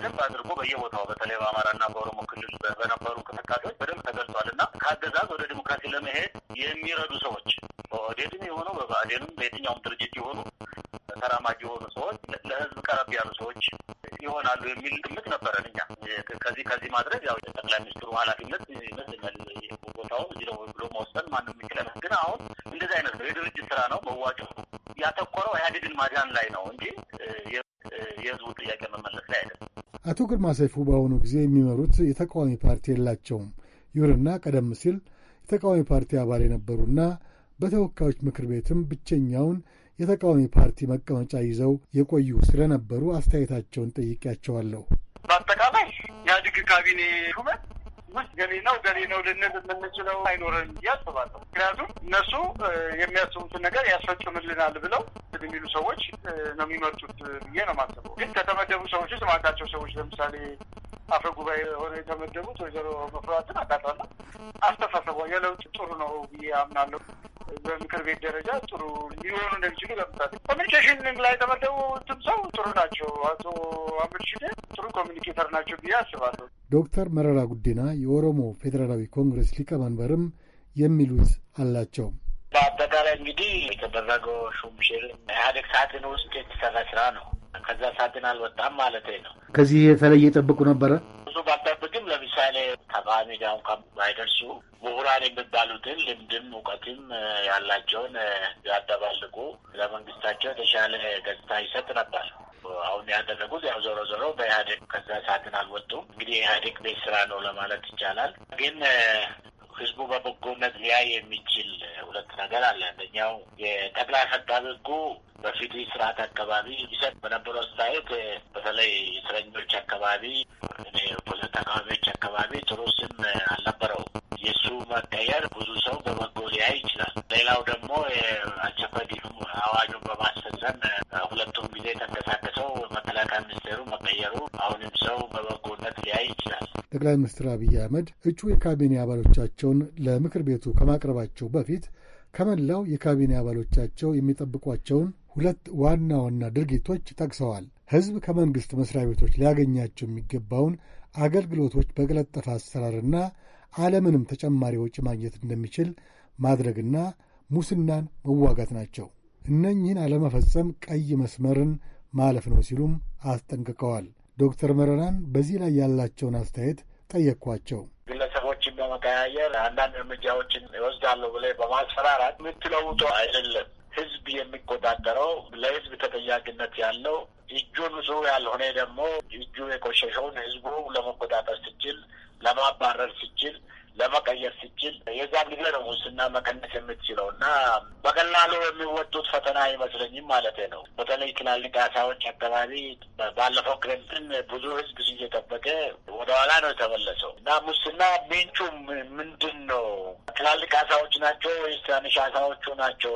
Speaker 8: በደንብ አድርጎ በየቦታው በተለይ በአማራና በኦሮሞ ክልል በነበሩ እንቅስቃሴዎች በደንብ ተገልጿል ተገልጿልና ከአገዛዝ ወደ ዲሞክራሲ ለመሄድ የሚረዱ ሰዎች በኦህዴድም የሆኑ በብአዴንም በየትኛውም ድርጅት የሆኑ ተራማጅ የሆኑ ሰዎች ለህዝብ ቀረብ ያሉ ሰዎች ይሆናሉ የሚል ግምት ነበረን እኛ። ከዚህ ከዚህ ማድረግ ያው ጠቅላይ ሚኒስትሩ ኃላፊነት ይመስለኛል። ቦታውን እዚህ ብሎ መወሰን ማንም የሚችል ግን አሁን እንደዚህ አይነት ነው። የድርጅት ስራ ነው። መዋጮ ያተኮረው ኢህአዴግን ማዳን ላይ ነው እንጂ የህዝቡ ጥያቄ መመለስ ላይ አይደለም።
Speaker 10: አቶ ግርማ ሰይፉ በአሁኑ ጊዜ የሚመሩት የተቃዋሚ ፓርቲ የላቸውም። ይሁንና ቀደም ሲል የተቃዋሚ ፓርቲ አባል የነበሩና በተወካዮች ምክር ቤትም ብቸኛውን የተቃዋሚ ፓርቲ መቀመጫ ይዘው የቆዩ ስለነበሩ አስተያየታቸውን ጠይቄያቸዋለሁ። በአጠቃላይ
Speaker 11: ኢህአዴግ ካቢኔ ሹመት ገሌ ነው ገሌ ነው ልንል የምንችለው አይኖረን እያስባለሁ። ምክንያቱም እነሱ የሚያስቡትን ነገር ያስፈጽምልናል ብለው የሚሉ ሰዎች ነው የሚመርጡት ብዬ ነው የማስበው። ግን ከተመደቡ ሰዎች ውስጥ ማውቃቸው ሰዎች ለምሳሌ አፈ ጉባኤ ሆነ የተመደቡት ወይዘሮ መፍራትን አቃጣለሁ። አስተሳሰቧ የለውጥ ጥሩ ነው ብዬ አምናለሁ። በምክር ቤት ደረጃ ጥሩ ሊሆኑ እንደሚችሉ ለምሳሌ ኮሚኒኬሽን ላይ የተመደቡ ትም ሰው ጥሩ ናቸው። አቶ አምድ ጥሩ ኮሚኒኬተር ናቸው ብዬ አስባለሁ።
Speaker 10: ዶክተር መረራ ጉዲና የኦሮሞ ፌዴራላዊ ኮንግረስ ሊቀመንበርም የሚሉት አላቸው።
Speaker 4: በአጠቃላይ እንግዲህ የተደረገው ሹምሽር ኢህአዴግ ሳጥን ውስጥ የተሰራ ስራ ነው። ከዛ ሳጥን አልወጣም ማለት ነው።
Speaker 10: ከዚህ የተለየ የጠብቁ ነበረ ብዙ
Speaker 4: ባልጠብቅም፣ ለምሳሌ ተቃዋሚ ጋር እንኳን ባይደርሱ ምሁራን የሚባሉትን ልምድም እውቀትም ያላቸውን ያደባልቁ ለመንግስታቸው የተሻለ ገጽታ ይሰጥ ነበር። አሁን ያደረጉት ያው ዞሮ ዞሮ በኢህአዴግ ከዛ ሳጥን አልወጡም። እንግዲህ የኢህአዴግ ቤት ስራ ነው ለማለት ይቻላል ግን ህዝቡ በበጎነት ሊያይ የሚችል ሁለት ነገር አለ። አንደኛው የጠቅላይ ፈጣ ህጉ በፊት ስርዓት አካባቢ ይሰጥ በነበረው አስተያየት በተለይ እስረኞች አካባቢ፣ ፖለቲካ ተቃዋሚዎች አካባቢ ጥሩ ስም አልነበረው። የእሱ መቀየር ብዙ ሰው በበጎ ሊያይ ይችላል። ሌላው ደግሞ አስቸኳይ ጊዜ አዋጁን በማስፈጸም ሁለቱም ጊዜ ተንቀሳቀሰ
Speaker 10: ጠቅላይ ሚኒስትር አብይ አህመድ እጩ የካቢኔ አባሎቻቸውን ለምክር ቤቱ ከማቅረባቸው በፊት ከመላው የካቢኔ አባሎቻቸው የሚጠብቋቸውን ሁለት ዋና ዋና ድርጊቶች ጠቅሰዋል። ሕዝብ ከመንግሥት መሥሪያ ቤቶች ሊያገኛቸው የሚገባውን አገልግሎቶች በቀለጠፈ አሰራርና አለምንም ተጨማሪ ወጪ ማግኘት እንደሚችል ማድረግና ሙስናን መዋጋት ናቸው። እነኚህን አለመፈጸም ቀይ መስመርን ማለፍ ነው ሲሉም አስጠንቅቀዋል። ዶክተር መረራን በዚህ ላይ ያላቸውን አስተያየት ጠየቅኳቸው።
Speaker 4: ግለሰቦችን በመቀያየር አንዳንድ እርምጃዎችን ይወስዳሉ ብለ በማስፈራራት የምትለውጡ አይደለም። ህዝብ የሚቆጣጠረው ለህዝብ ተጠያቂነት ያለው እጁ ንጹህ ያልሆነ ደግሞ እጁ የቆሸሸውን ህዝቡ ለመቆጣጠር ስችል ለማባረር ስችል። ለመቀየር ሲችል የዛን ጊዜ ነው ሙስና መቀነስ የምትችለው እና በቀላሉ የሚወጡት ፈተና አይመስለኝም ማለት ነው። በተለይ ትላልቅ አሳዎች አካባቢ ባለፈው ክረምትን ብዙ ህዝብ እየጠበቀ ወደኋላ ነው የተመለሰው እና ሙስና ምንጩ ምንድን ነው? ትላልቅ አሳዎች ናቸው ወይስ ትናንሽ አሳዎቹ ናቸው?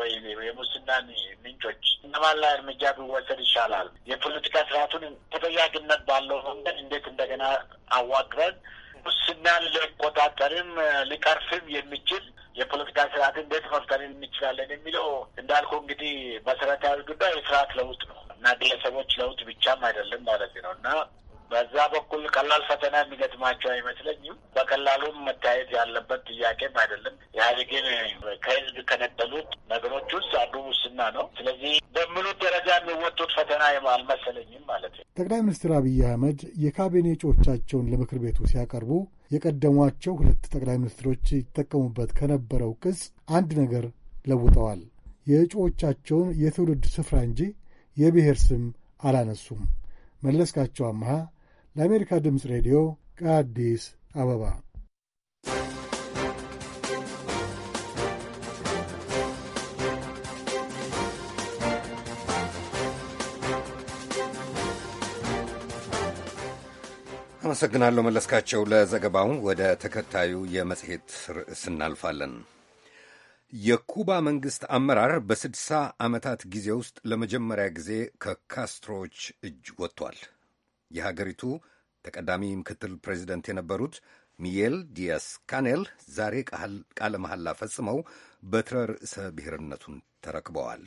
Speaker 4: የሙስናን ምንጮች እነማን ላይ እርምጃ ቢወሰድ ይሻላል? የፖለቲካ ስርዓቱን ተጠያቂነት ባለው መንገድ እንዴት እንደገና አዋቅረን ሙስናን ሊቆጣጠርም ሊቀርፍም የሚችል የፖለቲካ ስርዓት እንዴት መፍጠር እንችላለን የሚለው እንዳልኩ እንግዲህ መሰረታዊ ጉዳይ የስርዓት ለውጥ ነው እና ግለሰቦች ለውጥ ብቻም አይደለም ማለት ነው እና በዛ በኩል ቀላል ፈተና የሚገጥማቸው አይመስለኝም። በቀላሉም መታየት ያለበት ጥያቄም አይደለም። ኢህአዴግን ከህዝብ ከነጠሉት ነገሮች ውስጥ አንዱ ሙስና ነው። ስለዚህ በምሉት ደረጃ የሚወጡት ፈተና
Speaker 10: አልመሰለኝም ማለት ነው። ጠቅላይ ሚኒስትር አብይ አህመድ የካቢኔ እጩዎቻቸውን ለምክር ቤቱ ሲያቀርቡ የቀደሟቸው ሁለት ጠቅላይ ሚኒስትሮች ይጠቀሙበት ከነበረው ቅጽ አንድ ነገር ለውጠዋል። የእጩዎቻቸውን የትውልድ ስፍራ እንጂ የብሔር ስም አላነሱም። መለስካቸው አመሃ ለአሜሪካ ድምፅ ሬዲዮ ከአዲስ አበባ
Speaker 3: አመሰግናለሁ መለስካቸው ለዘገባው። ወደ ተከታዩ የመጽሔት ርዕስ እናልፋለን። የኩባ መንግሥት አመራር በስድሳ ዓመታት ጊዜ ውስጥ ለመጀመሪያ ጊዜ ከካስትሮዎች እጅ ወጥቷል። የሀገሪቱ ተቀዳሚ ምክትል ፕሬዚደንት የነበሩት ሚጌል ዲያስ ካኔል ዛሬ ቃለ መሐላ ፈጽመው በትረ ርዕሰ ብሔርነቱን ተረክበዋል።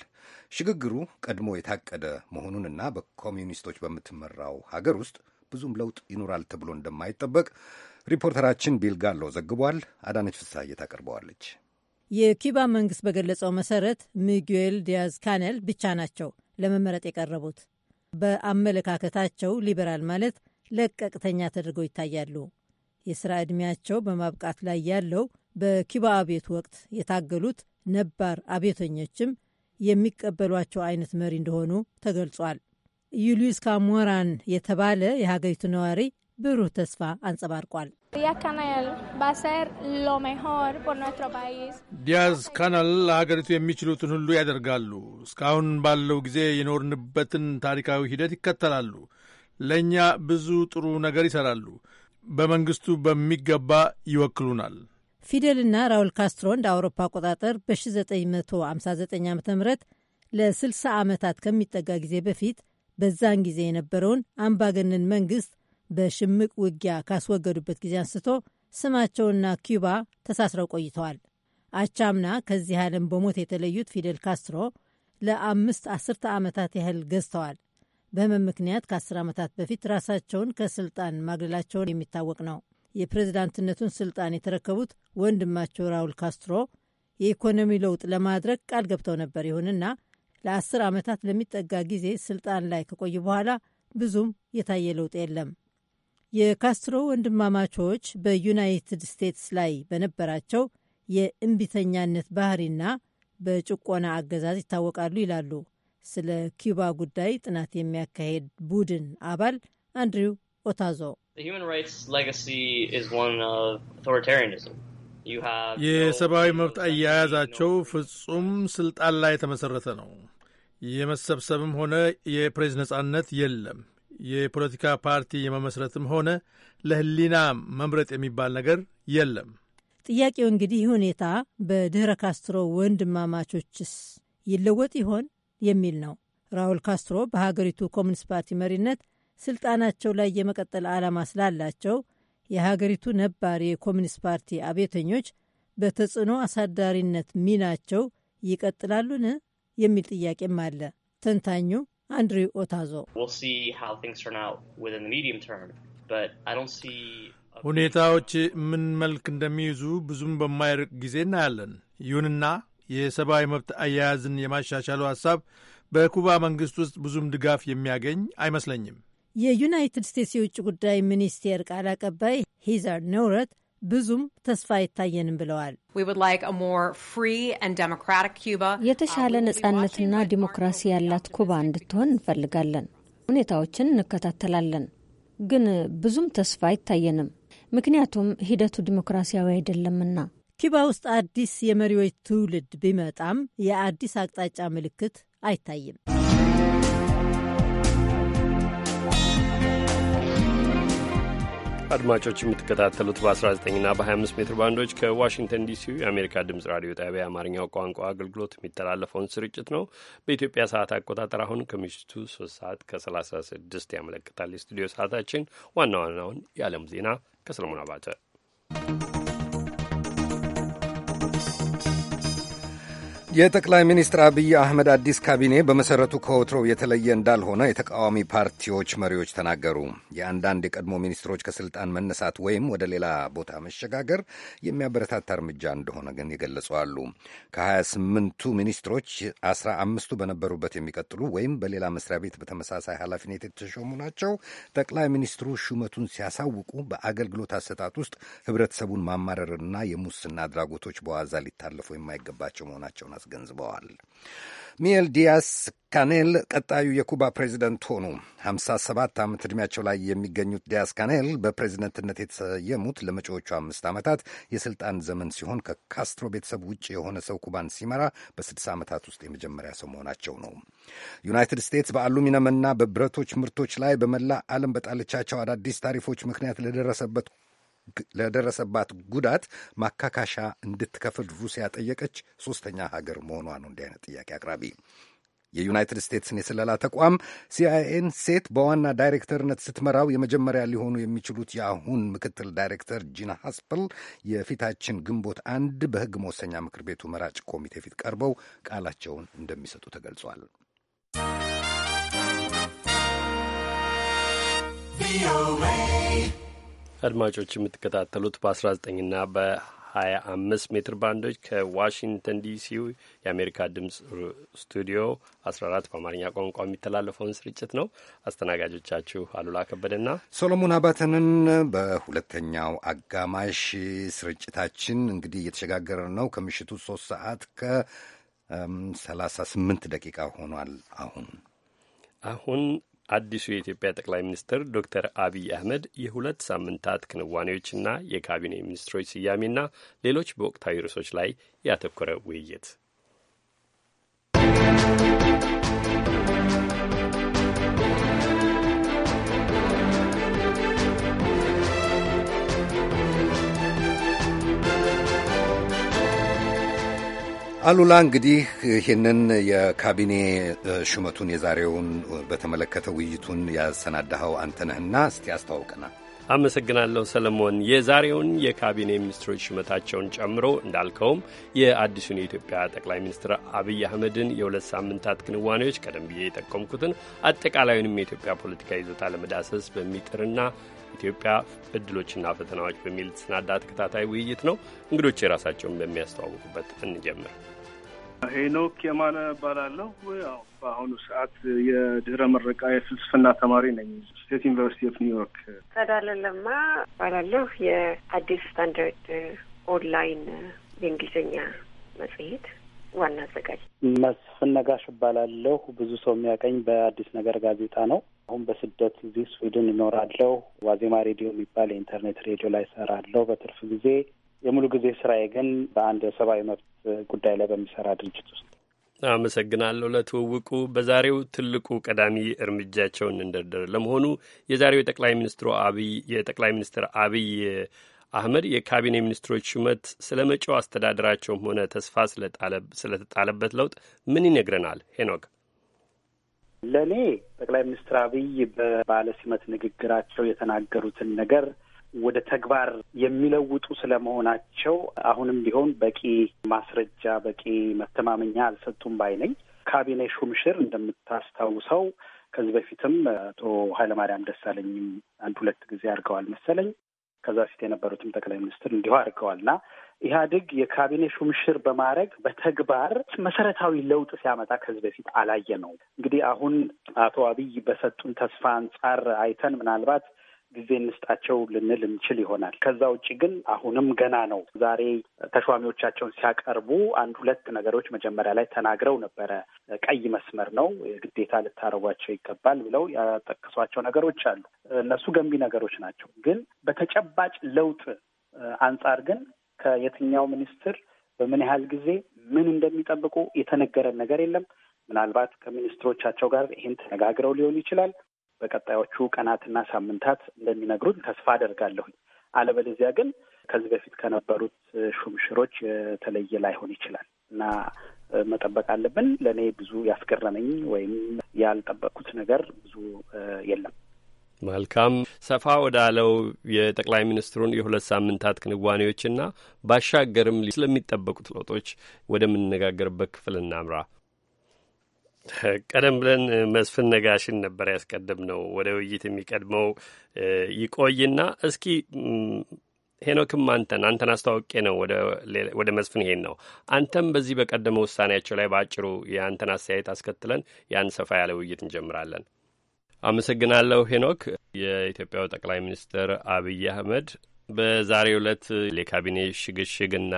Speaker 3: ሽግግሩ ቀድሞ የታቀደ መሆኑንና በኮሚኒስቶች በምትመራው ሀገር ውስጥ ብዙም ለውጥ ይኖራል ተብሎ እንደማይጠበቅ ሪፖርተራችን ቢል ጋሎ ዘግቧል። አዳነች ፍሳ ታቀርበዋለች።
Speaker 12: የኪባ መንግስት በገለጸው መሠረት ሚጌል ዲያዝ ካኔል ብቻ ናቸው ለመመረጥ የቀረቡት። በአመለካከታቸው ሊበራል ማለት ለቀቅተኛ ተደርገው ይታያሉ። የሥራ ዕድሜያቸው በማብቃት ላይ ያለው በኪባ አቤት ወቅት የታገሉት ነባር አቤተኞችም የሚቀበሏቸው አይነት መሪ እንደሆኑ ተገልጿል። ዩልዩስ ካሞራን የተባለ የሀገሪቱ ነዋሪ ብሩህ ተስፋ አንጸባርቋል።
Speaker 10: ዲያዝ ካናል ለሀገሪቱ የሚችሉትን ሁሉ ያደርጋሉ። እስካሁን ባለው ጊዜ የኖርንበትን ታሪካዊ ሂደት ይከተላሉ። ለእኛ ብዙ ጥሩ ነገር ይሰራሉ። በመንግስቱ
Speaker 11: በሚገባ ይወክሉናል።
Speaker 12: ፊደልና ራውል ካስትሮ እንደ አውሮፓ አቆጣጠር በ1959 ዓ ም ለ60 ዓመታት ከሚጠጋ ጊዜ በፊት በዛን ጊዜ የነበረውን አምባገነን መንግስት በሽምቅ ውጊያ ካስወገዱበት ጊዜ አንስቶ ስማቸውና ኪዩባ ተሳስረው ቆይተዋል። አቻምና ከዚህ ዓለም በሞት የተለዩት ፊደል ካስትሮ ለአምስት አስርተ ዓመታት ያህል ገዝተዋል። በህመም ምክንያት ከአስር ዓመታት በፊት ራሳቸውን ከስልጣን ማግለላቸውን የሚታወቅ ነው። የፕሬዝዳንትነቱን ስልጣን የተረከቡት ወንድማቸው ራውል ካስትሮ የኢኮኖሚ ለውጥ ለማድረግ ቃል ገብተው ነበር። ይሁንና ለአስር ዓመታት ለሚጠጋ ጊዜ ስልጣን ላይ ከቆዩ በኋላ ብዙም የታየ ለውጥ የለም። የካስትሮ ወንድማማቾች በዩናይትድ ስቴትስ ላይ በነበራቸው የእምቢተኛነት ባህሪና በጭቆና አገዛዝ ይታወቃሉ ይላሉ ስለ ኪዩባ ጉዳይ ጥናት የሚያካሄድ ቡድን አባል አንድሪው ኦታዞ። የሰብአዊ መብት አያያዛቸው ፍጹም
Speaker 10: ስልጣን ላይ የተመሰረተ ነው። የመሰብሰብም ሆነ የፕሬዝ ነጻነት የለም። የፖለቲካ ፓርቲ የመመስረትም ሆነ ለህሊና መምረጥ የሚባል ነገር የለም።
Speaker 12: ጥያቄው እንግዲህ ይህ ሁኔታ በድህረ ካስትሮ ወንድማማቾችስ ይለወጥ ይሆን የሚል ነው። ራውል ካስትሮ በሀገሪቱ ኮሚኒስት ፓርቲ መሪነት ስልጣናቸው ላይ የመቀጠል ዓላማ ስላላቸው የሀገሪቱ ነባር የኮሚኒስት ፓርቲ አቤተኞች በተጽዕኖ አሳዳሪነት ሚናቸው ይቀጥላሉን የሚል ጥያቄም አለ። ተንታኙ አንድሪው ኦታዞ ሁኔታዎች
Speaker 10: ምን መልክ እንደሚይዙ ብዙም በማይርቅ ጊዜ እናያለን። ይሁንና የሰብአዊ መብት አያያዝን የማሻሻሉ ሀሳብ በኩባ መንግስት ውስጥ ብዙም ድጋፍ የሚያገኝ አይመስለኝም።
Speaker 12: የዩናይትድ ስቴትስ የውጭ ጉዳይ ሚኒስቴር ቃል አቀባይ ሂዛር ነውረት ብዙም ተስፋ አይታየንም ብለዋል። uh, የተሻለ ነጻነትና ዲሞክራሲ ያላት ኩባ እንድትሆን እንፈልጋለን። ሁኔታዎችን እንከታተላለን፣ ግን ብዙም ተስፋ አይታየንም፣ ምክንያቱም ሂደቱ ዲሞክራሲያዊ አይደለምና። ኪባ ውስጥ አዲስ የመሪዎች ትውልድ ቢመጣም የአዲስ አቅጣጫ ምልክት አይታይም።
Speaker 1: አድማጮች የምትከታተሉት በ19ና በ25 ሜትር ባንዶች ከዋሽንግተን ዲሲ የአሜሪካ ድምፅ ራዲዮ ጣቢያ የአማርኛው ቋንቋ አገልግሎት የሚተላለፈውን ስርጭት ነው። በኢትዮጵያ ሰዓት አቆጣጠር አሁን ከምሽቱ 3 ሰዓት ከ36 ያመለክታል። የስቱዲዮ ሰዓታችን ዋና ዋናውን የዓለም ዜና ከሰለሞን አባተ
Speaker 3: የጠቅላይ ሚኒስትር አብይ አህመድ አዲስ ካቢኔ በመሠረቱ ከወትሮው የተለየ እንዳልሆነ የተቃዋሚ ፓርቲዎች መሪዎች ተናገሩ። የአንዳንድ የቀድሞ ሚኒስትሮች ከሥልጣን መነሳት ወይም ወደ ሌላ ቦታ መሸጋገር የሚያበረታታ እርምጃ እንደሆነ ግን የገለጹ አሉ። ከሀያ ስምንቱ ሚኒስትሮች አስራ አምስቱ በነበሩበት የሚቀጥሉ ወይም በሌላ መስሪያ ቤት በተመሳሳይ ኃላፊነት የተሾሙ ናቸው። ጠቅላይ ሚኒስትሩ ሹመቱን ሲያሳውቁ በአገልግሎት አሰጣጥ ውስጥ ህብረተሰቡን ማማረርና የሙስና አድራጎቶች በዋዛ ሊታለፉ የማይገባቸው መሆናቸውን አስገንዝበዋል። ሚኤል ዲያስ ካኔል ቀጣዩ የኩባ ፕሬዚደንት ሆኑ። 57 ዓመት ዕድሜያቸው ላይ የሚገኙት ዲያስ ካኔል በፕሬዚደንትነት የተሰየሙት ለመጪዎቹ አምስት ዓመታት የሥልጣን ዘመን ሲሆን ከካስትሮ ቤተሰብ ውጭ የሆነ ሰው ኩባን ሲመራ በ60 ዓመታት ውስጥ የመጀመሪያ ሰው መሆናቸው ነው። ዩናይትድ ስቴትስ በአሉሚነምና በብረቶች ምርቶች ላይ በመላ ዓለም በጣለቻቸው አዳዲስ ታሪፎች ምክንያት ለደረሰበት ለደረሰባት ጉዳት ማካካሻ እንድትከፍል ሩሲያ ጠየቀች። ሶስተኛ ሀገር መሆኗ ነው እንዲህ አይነት ጥያቄ አቅራቢ። የዩናይትድ ስቴትስን የስለላ ተቋም ሲአይኤን ሴት በዋና ዳይሬክተርነት ስትመራው የመጀመሪያ ሊሆኑ የሚችሉት የአሁን ምክትል ዳይሬክተር ጂና ሀስፕል የፊታችን ግንቦት አንድ በሕግ መወሰኛ ምክር ቤቱ መራጭ ኮሚቴ ፊት ቀርበው ቃላቸውን እንደሚሰጡ ተገልጿል።
Speaker 1: ቪኦኤ አድማጮች የምትከታተሉት በ19 እና በ25 ሜትር ባንዶች ከዋሽንግተን ዲሲ የአሜሪካ ድምፅ ስቱዲዮ 14 በአማርኛ ቋንቋ የሚተላለፈውን ስርጭት ነው። አስተናጋጆቻችሁ አሉላ ከበደና
Speaker 3: ሶሎሞን አባተንን በሁለተኛው አጋማሽ ስርጭታችን እንግዲህ እየተሸጋገረ ነው። ከምሽቱ 3 ሰዓት ከ38 ደቂቃ ሆኗል አሁን አሁን አዲሱ
Speaker 1: የኢትዮጵያ ጠቅላይ ሚኒስትር ዶክተር አብይ አህመድ የሁለት ሳምንታት ክንዋኔዎችና የካቢኔ ሚኒስትሮች ስያሜና ሌሎች በወቅታዊ ርዕሶች ላይ ያተኮረ ውይይት
Speaker 3: አሉላ እንግዲህ ይህንን የካቢኔ ሹመቱን የዛሬውን በተመለከተ ውይይቱን ያሰናዳኸው አንተነህና እስቲ አስተዋውቅና
Speaker 1: አመሰግናለሁ ሰለሞን። የዛሬውን የካቢኔ ሚኒስትሮች ሹመታቸውን ጨምሮ እንዳልከውም የአዲሱን የኢትዮጵያ ጠቅላይ ሚኒስትር አብይ አህመድን የሁለት ሳምንታት ክንዋኔዎች ቀደም ብዬ የጠቆምኩትን አጠቃላዩንም የኢትዮጵያ ፖለቲካ ይዞታ ለመዳሰስ በሚጥርና ኢትዮጵያ እድሎችና ፈተናዎች በሚል የተሰናዳ ተከታታይ ውይይት ነው። እንግዶች የራሳቸውን በሚያስተዋውቁበት እንጀምር።
Speaker 5: ሄኖክ የማነ እባላለሁ። ያው በአሁኑ ሰዓት የድህረ ምረቃ የፍልስፍና ተማሪ ነኝ ስቴት ዩኒቨርሲቲ ኦፍ ኒውዮርክ።
Speaker 6: ጸዳለ ለማ እባላለሁ። የአዲስ ስታንዳርድ ኦንላይን የእንግሊዝኛ መጽሔት ዋና
Speaker 13: አዘጋጅ። መስፍን ነጋሽ እባላለሁ። ብዙ ሰው የሚያቀኝ በአዲስ ነገር ጋዜጣ ነው። አሁን በስደት እዚህ ስዊድን እኖራለሁ። ዋዜማ ሬዲዮ የሚባል የኢንተርኔት ሬዲዮ ላይ ሰራለሁ። በትርፍ ጊዜ የሙሉ ጊዜ ስራዬ ግን በአንድ ሰብአዊ መብት ጉዳይ ላይ በሚሰራ ድርጅት ውስጥ
Speaker 1: አመሰግናለሁ ለትውውቁ። በዛሬው ትልቁ ቀዳሚ እርምጃቸውን እንደርደር። ለመሆኑ የዛሬው የጠቅላይ ሚኒስትሩ አብይ የጠቅላይ ሚኒስትር አብይ አህመድ የካቢኔ ሚኒስትሮች ሹመት ስለ መጪው አስተዳደራቸውም ሆነ ተስፋ ስለተጣለበት ለውጥ ምን ይነግረናል? ሄኖክ፣
Speaker 13: ለእኔ ጠቅላይ ሚኒስትር አብይ በባለ ሲመት ንግግራቸው የተናገሩትን ነገር ወደ ተግባር የሚለውጡ ስለመሆናቸው አሁንም ቢሆን በቂ ማስረጃ፣ በቂ መተማመኛ አልሰጡም ባይ ነኝ። ካቢኔ ሹምሽር እንደምታስታውሰው ከዚህ በፊትም አቶ ኃይለማርያም ደሳለኝም አንድ ሁለት ጊዜ አድርገዋል መሰለኝ። ከዛ በፊት የነበሩትም ጠቅላይ ሚኒስትር እንዲሁ አድርገዋልና ኢህአዴግ የካቢኔ ሹምሽር በማድረግ በተግባር መሰረታዊ ለውጥ ሲያመጣ ከዚህ በፊት አላየ ነው። እንግዲህ አሁን አቶ አብይ በሰጡን ተስፋ አንጻር አይተን ምናልባት ጊዜ እንስጣቸው ልንል እንችል ይሆናል። ከዛ ውጭ ግን አሁንም ገና ነው። ዛሬ ተሿሚዎቻቸውን ሲያቀርቡ አንድ ሁለት ነገሮች መጀመሪያ ላይ ተናግረው ነበረ። ቀይ መስመር ነው ግዴታ ልታረጓቸው ይገባል ብለው ያጠቀሷቸው ነገሮች አሉ። እነሱ ገንቢ ነገሮች ናቸው። ግን በተጨባጭ ለውጥ አንጻር ግን ከየትኛው ሚኒስትር በምን ያህል ጊዜ ምን እንደሚጠብቁ የተነገረን ነገር የለም። ምናልባት ከሚኒስትሮቻቸው ጋር ይህን ተነጋግረው ሊሆን ይችላል። በቀጣዮቹ ቀናትና ሳምንታት እንደሚነግሩን ተስፋ አደርጋለሁኝ። አለበለዚያ ግን ከዚህ በፊት ከነበሩት ሹምሽሮች የተለየ ላይሆን ይችላል እና መጠበቅ አለብን። ለእኔ ብዙ ያስገረመኝ ወይም ያልጠበቅኩት ነገር ብዙ የለም።
Speaker 1: መልካም ሰፋ ወዳለው የጠቅላይ ሚኒስትሩን የሁለት ሳምንታት ክንዋኔዎችና ባሻገርም ስለሚጠበቁት ለውጦች ወደምንነጋገርበት ክፍል እናምራ። ቀደም ብለን መስፍን ነጋሽን ነበር ያስቀድም ነው ወደ ውይይት የሚቀድመው ይቆይና እስኪ ሄኖክም አንተን አንተን አስታወቄ ነው ወደ መስፍን ይሄን ነው። አንተም በዚህ በቀደመ ውሳኔያቸው ላይ በአጭሩ የአንተን አስተያየት አስከትለን ያን ሰፋ ያለ ውይይት እንጀምራለን። አመሰግናለሁ ሄኖክ። የኢትዮጵያው ጠቅላይ ሚኒስትር አብይ አህመድ በዛሬው ዕለት የካቢኔ ሽግሽግና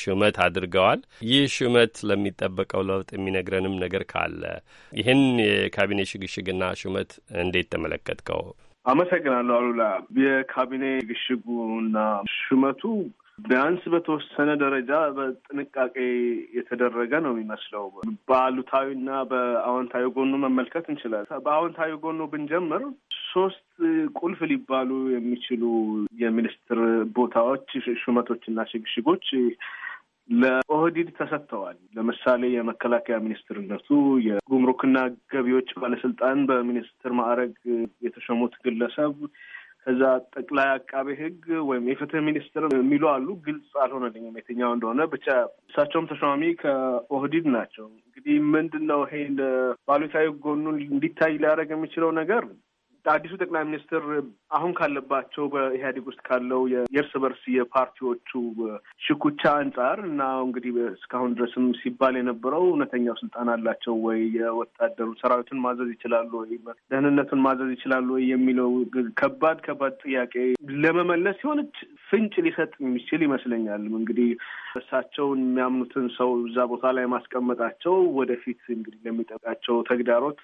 Speaker 1: ሹመት አድርገዋል። ይህ ሹመት ለሚጠበቀው ለውጥ የሚነግረንም ነገር ካለ ይህን የካቢኔ ሽግሽግና ሹመት እንዴት ተመለከትከው?
Speaker 5: አመሰግናለሁ አሉላ። የካቢኔ ሽግሽጉና ሹመቱ ቢያንስ በተወሰነ ደረጃ በጥንቃቄ የተደረገ ነው የሚመስለው። በአሉታዊና በአዎንታዊ ጎኑ መመልከት እንችላለን። በአዎንታዊ ጎኑ ብንጀምር ሶስት ቁልፍ ሊባሉ የሚችሉ የሚኒስትር ቦታዎች እና ሽግሽጎች ለኦህዲድ ተሰጥተዋል። ለምሳሌ የመከላከያ ሚኒስትርነቱ፣ የጉምሩክና ገቢዎች ባለስልጣን በሚኒስትር ማዕረግ የተሾሙት ግለሰብ ከዛ ጠቅላይ አቃቤ ሕግ ወይም የፍትህ ሚኒስትር የሚሉ አሉ። ግልጽ አልሆነልኝም የትኛው እንደሆነ ብቻ። እሳቸውም ተሿሚ ከኦህዲድ ናቸው። እንግዲህ ምንድን ነው ይሄ ባሉታዊ ጎኑን እንዲታይ ሊያደርግ የሚችለው ነገር አዲሱ ጠቅላይ ሚኒስትር አሁን ካለባቸው በኢህአዴግ ውስጥ ካለው የእርስ በርስ የፓርቲዎቹ ሽኩቻ አንጻር እና እንግዲህ እስካሁን ድረስም ሲባል የነበረው እውነተኛው ስልጣን አላቸው ወይ፣ የወታደሩ ሰራዊትን ማዘዝ ይችላሉ ወይ፣ ደህንነቱን ማዘዝ ይችላሉ ወይ የሚለው ከባድ ከባድ ጥያቄ ለመመለስ ሲሆንች ፍንጭ ሊሰጥ የሚችል ይመስለኛል። እንግዲህ እሳቸውን የሚያምኑትን ሰው እዛ ቦታ ላይ ማስቀመጣቸው ወደፊት እንግዲህ ለሚጠቃቸው ተግዳሮት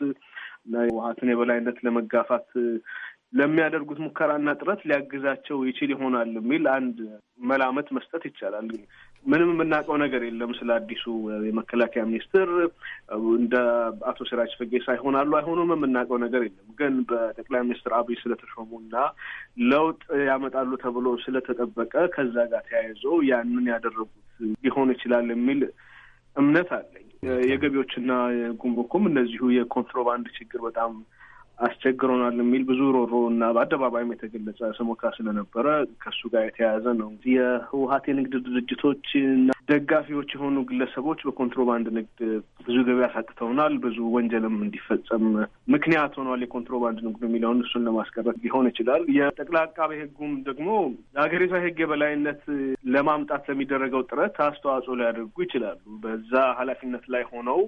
Speaker 5: እና የበላይነት ለመጋፋት ለሚያደርጉት ሙከራና ጥረት ሊያግዛቸው ይችል ይሆናል የሚል አንድ መላመት መስጠት ይቻላል። ምንም የምናውቀው ነገር የለም ስለ አዲሱ የመከላከያ ሚኒስትር እንደ አቶ ሲራጅ ፈጌሳ ይሆናሉ አይሆኑም የምናውቀው ነገር የለም። ግን በጠቅላይ ሚኒስትር አብይ ስለተሾሙና ለውጥ ያመጣሉ ተብሎ ስለተጠበቀ ከዛ ጋር ተያይዞ ያንን ያደረጉት ሊሆን ይችላል የሚል እምነት አለኝ። የገቢዎችና ጉምሩኩም እነዚሁ የኮንትሮባንድ ችግር በጣም አስቸግሮናል የሚል ብዙ ሮሮ እና በአደባባይም የተገለጸ ስሞታ ስለነበረ ከሱ ጋር የተያያዘ ነው። የህወሀት የንግድ ድርጅቶች ደጋፊዎች የሆኑ ግለሰቦች በኮንትሮባንድ ንግድ ብዙ ገቢ አሳጥተውናል፣ ብዙ ወንጀልም እንዲፈጸም ምክንያት ሆኗል የኮንትሮባንድ ንግዱ የሚለውን እሱን ለማስቀረት ሊሆን ይችላል። የጠቅላይ አቃቤ ሕጉም ደግሞ ሀገሪቷ የሕግ የበላይነት ለማምጣት ለሚደረገው ጥረት አስተዋጽኦ ሊያደርጉ ይችላሉ። በዛ ኃላፊነት ላይ ሆነው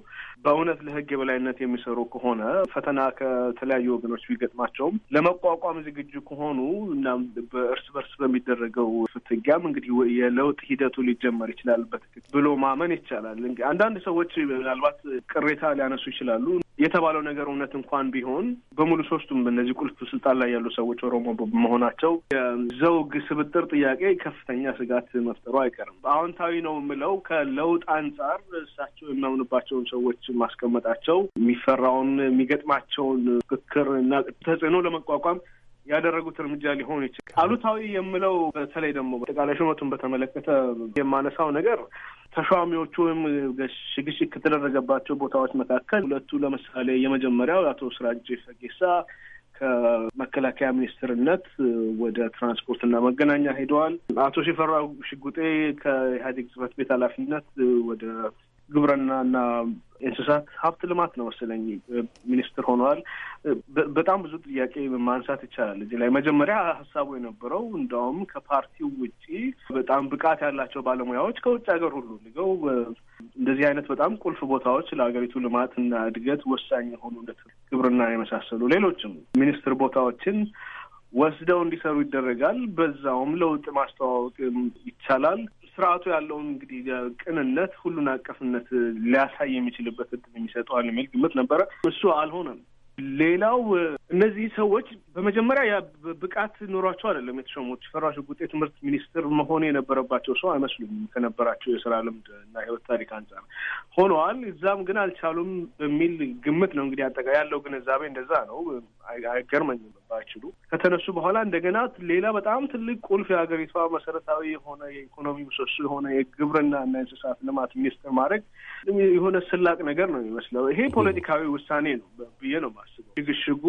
Speaker 5: በእውነት ለሕግ የበላይነት የሚሰሩ ከሆነ ፈተና ከተለያዩ ወገኖች ቢገጥማቸውም ለመቋቋም ዝግጁ ከሆኑ እና በእርስ በርስ በሚደረገው ፍትጊያም እንግዲህ የለውጥ ሂደቱ ሊጀመር ይችላል ባለንበት ብሎ ማመን ይቻላል። አንዳንድ ሰዎች ምናልባት ቅሬታ ሊያነሱ ይችላሉ። የተባለው ነገር እውነት እንኳን ቢሆን በሙሉ ሶስቱም እነዚህ ቁልፍ ስልጣን ላይ ያሉ ሰዎች ኦሮሞ በመሆናቸው የዘውግ ስብጥር ጥያቄ ከፍተኛ ስጋት መፍጠሩ አይቀርም። አዎንታዊ ነው የምለው ከለውጥ አንጻር እሳቸው የሚያምኑባቸውን ሰዎች ማስቀመጣቸው የሚፈራውን የሚገጥማቸውን ፍክር እና ተጽዕኖ ለመቋቋም ያደረጉት እርምጃ ሊሆን ይችላል። አሉታዊ የምለው በተለይ ደግሞ አጠቃላይ ሹመቱን በተመለከተ የማነሳው ነገር ተሿሚዎቹ ወይም ሽግሽግ ከተደረገባቸው ቦታዎች መካከል ሁለቱ ለምሳሌ የመጀመሪያው አቶ ስራጅ ፈጌሳ ከመከላከያ ሚኒስትርነት ወደ ትራንስፖርትና መገናኛ ሄደዋል። አቶ ሽፈራው ሽጉጤ ከኢህአዴግ ጽህፈት ቤት ኃላፊነት ወደ ግብርናና እንስሳት ሀብት ልማት ነው መሰለኝ ሚኒስትር ሆነዋል። በጣም ብዙ ጥያቄ ማንሳት ይቻላል እዚህ ላይ። መጀመሪያ ሀሳቡ የነበረው እንደውም ከፓርቲው ውጪ በጣም ብቃት ያላቸው ባለሙያዎች ከውጭ ሀገር ሁሉ ልገው እንደዚህ አይነት በጣም ቁልፍ ቦታዎች ለሀገሪቱ ልማትና እድገት ወሳኝ የሆኑ እንደ ግብርና የመሳሰሉ ሌሎችም ሚኒስትር ቦታዎችን ወስደው እንዲሰሩ ይደረጋል። በዛውም ለውጥ ማስተዋወቅ ይቻላል። ስርዓቱ ያለውን እንግዲህ ቅንነት፣ ሁሉን አቀፍነት ሊያሳይ የሚችልበት እድል የሚሰጠዋል የሚል ግምት ነበረ። እሱ አልሆነም። ሌላው እነዚህ ሰዎች በመጀመሪያ ያ ብቃት ኖሯቸው አይደለም የተሾሙት። ሽፈራው ሽጉጤ ትምህርት ሚኒስትር መሆን የነበረባቸው ሰው አይመስሉም ከነበራቸው የስራ ልምድ እና ህይወት ታሪክ አንጻር ሆነዋል። እዛም ግን አልቻሉም በሚል ግምት ነው እንግዲህ አጠቃ ያለው ግንዛቤ እንደዛ ነው። አይገርመኝም ባይችሉ ከተነሱ በኋላ እንደገና ሌላ በጣም ትልቅ ቁልፍ የሀገሪቷ መሰረታዊ
Speaker 14: የሆነ የኢኮኖሚ
Speaker 5: ምሰሶ የሆነ የግብርና እና የእንስሳት ልማት ሚኒስትር ማድረግ የሆነ ስላቅ ነገር ነው የሚመስለው። ይሄ ፖለቲካዊ ውሳኔ ነው ብዬ ነው የማስበው። ሽግሽጉ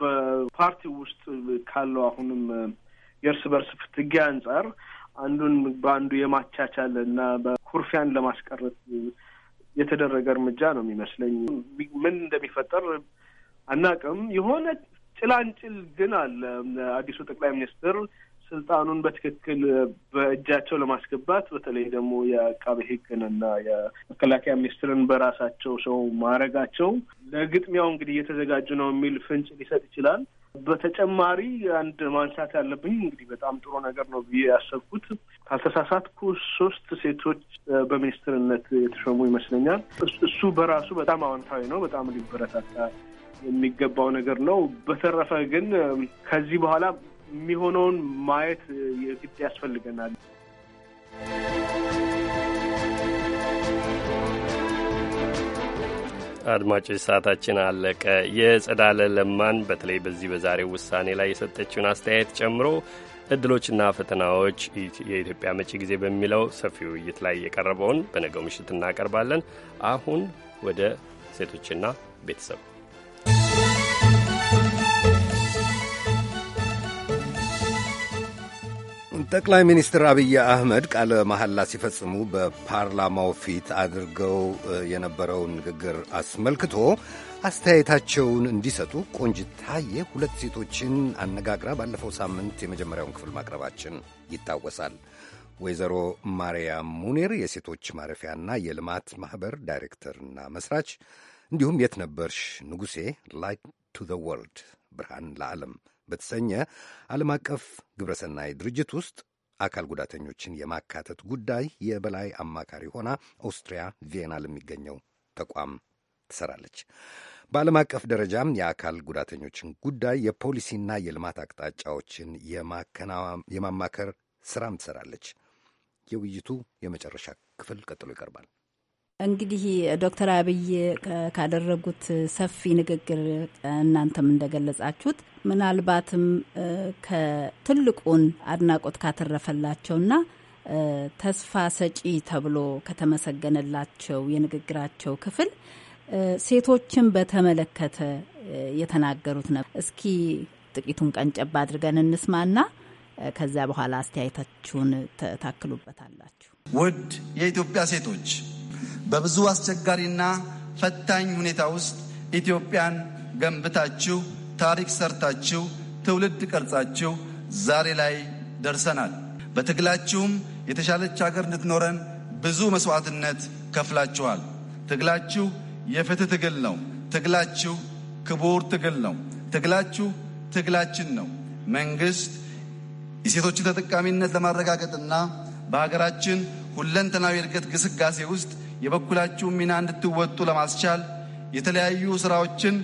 Speaker 5: በፓርቲ ውስጥ ካለው አሁንም የእርስ በርስ ፍትጌ አንጻር አንዱን በአንዱ የማቻቻል እና በኩርፊያን ለማስቀረት የተደረገ እርምጃ ነው የሚመስለኝ። ምን እንደሚፈጠር አናቅም። የሆነ ጭላንጭል ግን አለ። አዲሱ ጠቅላይ ሚኒስትር ስልጣኑን በትክክል በእጃቸው ለማስገባት በተለይ ደግሞ የአቃቤ ሕግንና የመከላከያ ሚኒስትርን በራሳቸው ሰው ማድረጋቸው ለግጥሚያው እንግዲህ እየተዘጋጁ ነው የሚል ፍንጭ ሊሰጥ ይችላል። በተጨማሪ አንድ ማንሳት ያለብኝ እንግዲህ በጣም ጥሩ ነገር ነው ብዬ ያሰብኩት ካልተሳሳትኩ ሶስት ሴቶች በሚኒስትርነት የተሾሙ ይመስለኛል። እሱ በራሱ በጣም አዎንታዊ ነው። በጣም ሊበረታታ የሚገባው ነገር ነው። በተረፈ ግን ከዚህ በኋላ የሚሆነውን ማየት የግድ ያስፈልገናል።
Speaker 1: አድማጮች ሰዓታችን አለቀ። የጸዳለ ለማን በተለይ በዚህ በዛሬው ውሳኔ ላይ የሰጠችውን አስተያየት ጨምሮ እድሎችና ፈተናዎች የኢትዮጵያ መጪ ጊዜ በሚለው ሰፊ ውይይት ላይ የቀረበውን በነገው ምሽት እናቀርባለን። አሁን ወደ ሴቶችና ቤተሰብ
Speaker 3: ጠቅላይ ሚኒስትር አብይ አህመድ ቃለ መሐላ ሲፈጽሙ በፓርላማው ፊት አድርገው የነበረውን ንግግር አስመልክቶ አስተያየታቸውን እንዲሰጡ ቆንጅት ሁለት ሴቶችን አነጋግራ ባለፈው ሳምንት የመጀመሪያውን ክፍል ማቅረባችን ይታወሳል። ወይዘሮ ማርያም ሙኒር የሴቶች ማረፊያና የልማት ማኅበር ዳይሬክተርና መስራች፣ እንዲሁም የት ነበርሽ ንጉሴ ላይት ቱ ዘ ወርልድ ብርሃን ለዓለም በተሰኘ ዓለም አቀፍ ግብረሰናይ ድርጅት ውስጥ አካል ጉዳተኞችን የማካተት ጉዳይ የበላይ አማካሪ ሆና ኦስትሪያ ቪየና ለሚገኘው ተቋም ትሰራለች። በዓለም አቀፍ ደረጃም የአካል ጉዳተኞችን ጉዳይ የፖሊሲና የልማት አቅጣጫዎችን የማማከር ስራም ትሰራለች። የውይይቱ የመጨረሻ ክፍል ቀጥሎ ይቀርባል።
Speaker 15: እንግዲህ ዶክተር አብይ ካደረጉት ሰፊ ንግግር እናንተም እንደገለጻችሁት ምናልባትም ከትልቁን አድናቆት ካተረፈላቸውና ተስፋ ሰጪ ተብሎ ከተመሰገነላቸው የንግግራቸው ክፍል ሴቶችን በተመለከተ የተናገሩት ነበር። እስኪ ጥቂቱን ቀንጨባ አድርገን እንስማና ከዚያ በኋላ አስተያየታችሁን
Speaker 2: ታክሉበታላችሁ። ውድ የኢትዮጵያ ሴቶች በብዙ አስቸጋሪና ፈታኝ ሁኔታ ውስጥ ኢትዮጵያን ገንብታችሁ ታሪክ ሰርታችሁ ትውልድ ቀርጻችሁ ዛሬ ላይ ደርሰናል። በትግላችሁም የተሻለች ሀገር እንድትኖረን ብዙ መስዋዕትነት ከፍላችኋል። ትግላችሁ የፍትህ ትግል ነው። ትግላችሁ ክቡር ትግል ነው። ትግላችሁ ትግላችን ነው። መንግስት የሴቶችን ተጠቃሚነት ለማረጋገጥና በሀገራችን ሁለንተናዊ እድገት ግስጋሴ ውስጥ የበኩላችሁ ሚና እንድትወጡ ለማስቻል የተለያዩ ስራዎችን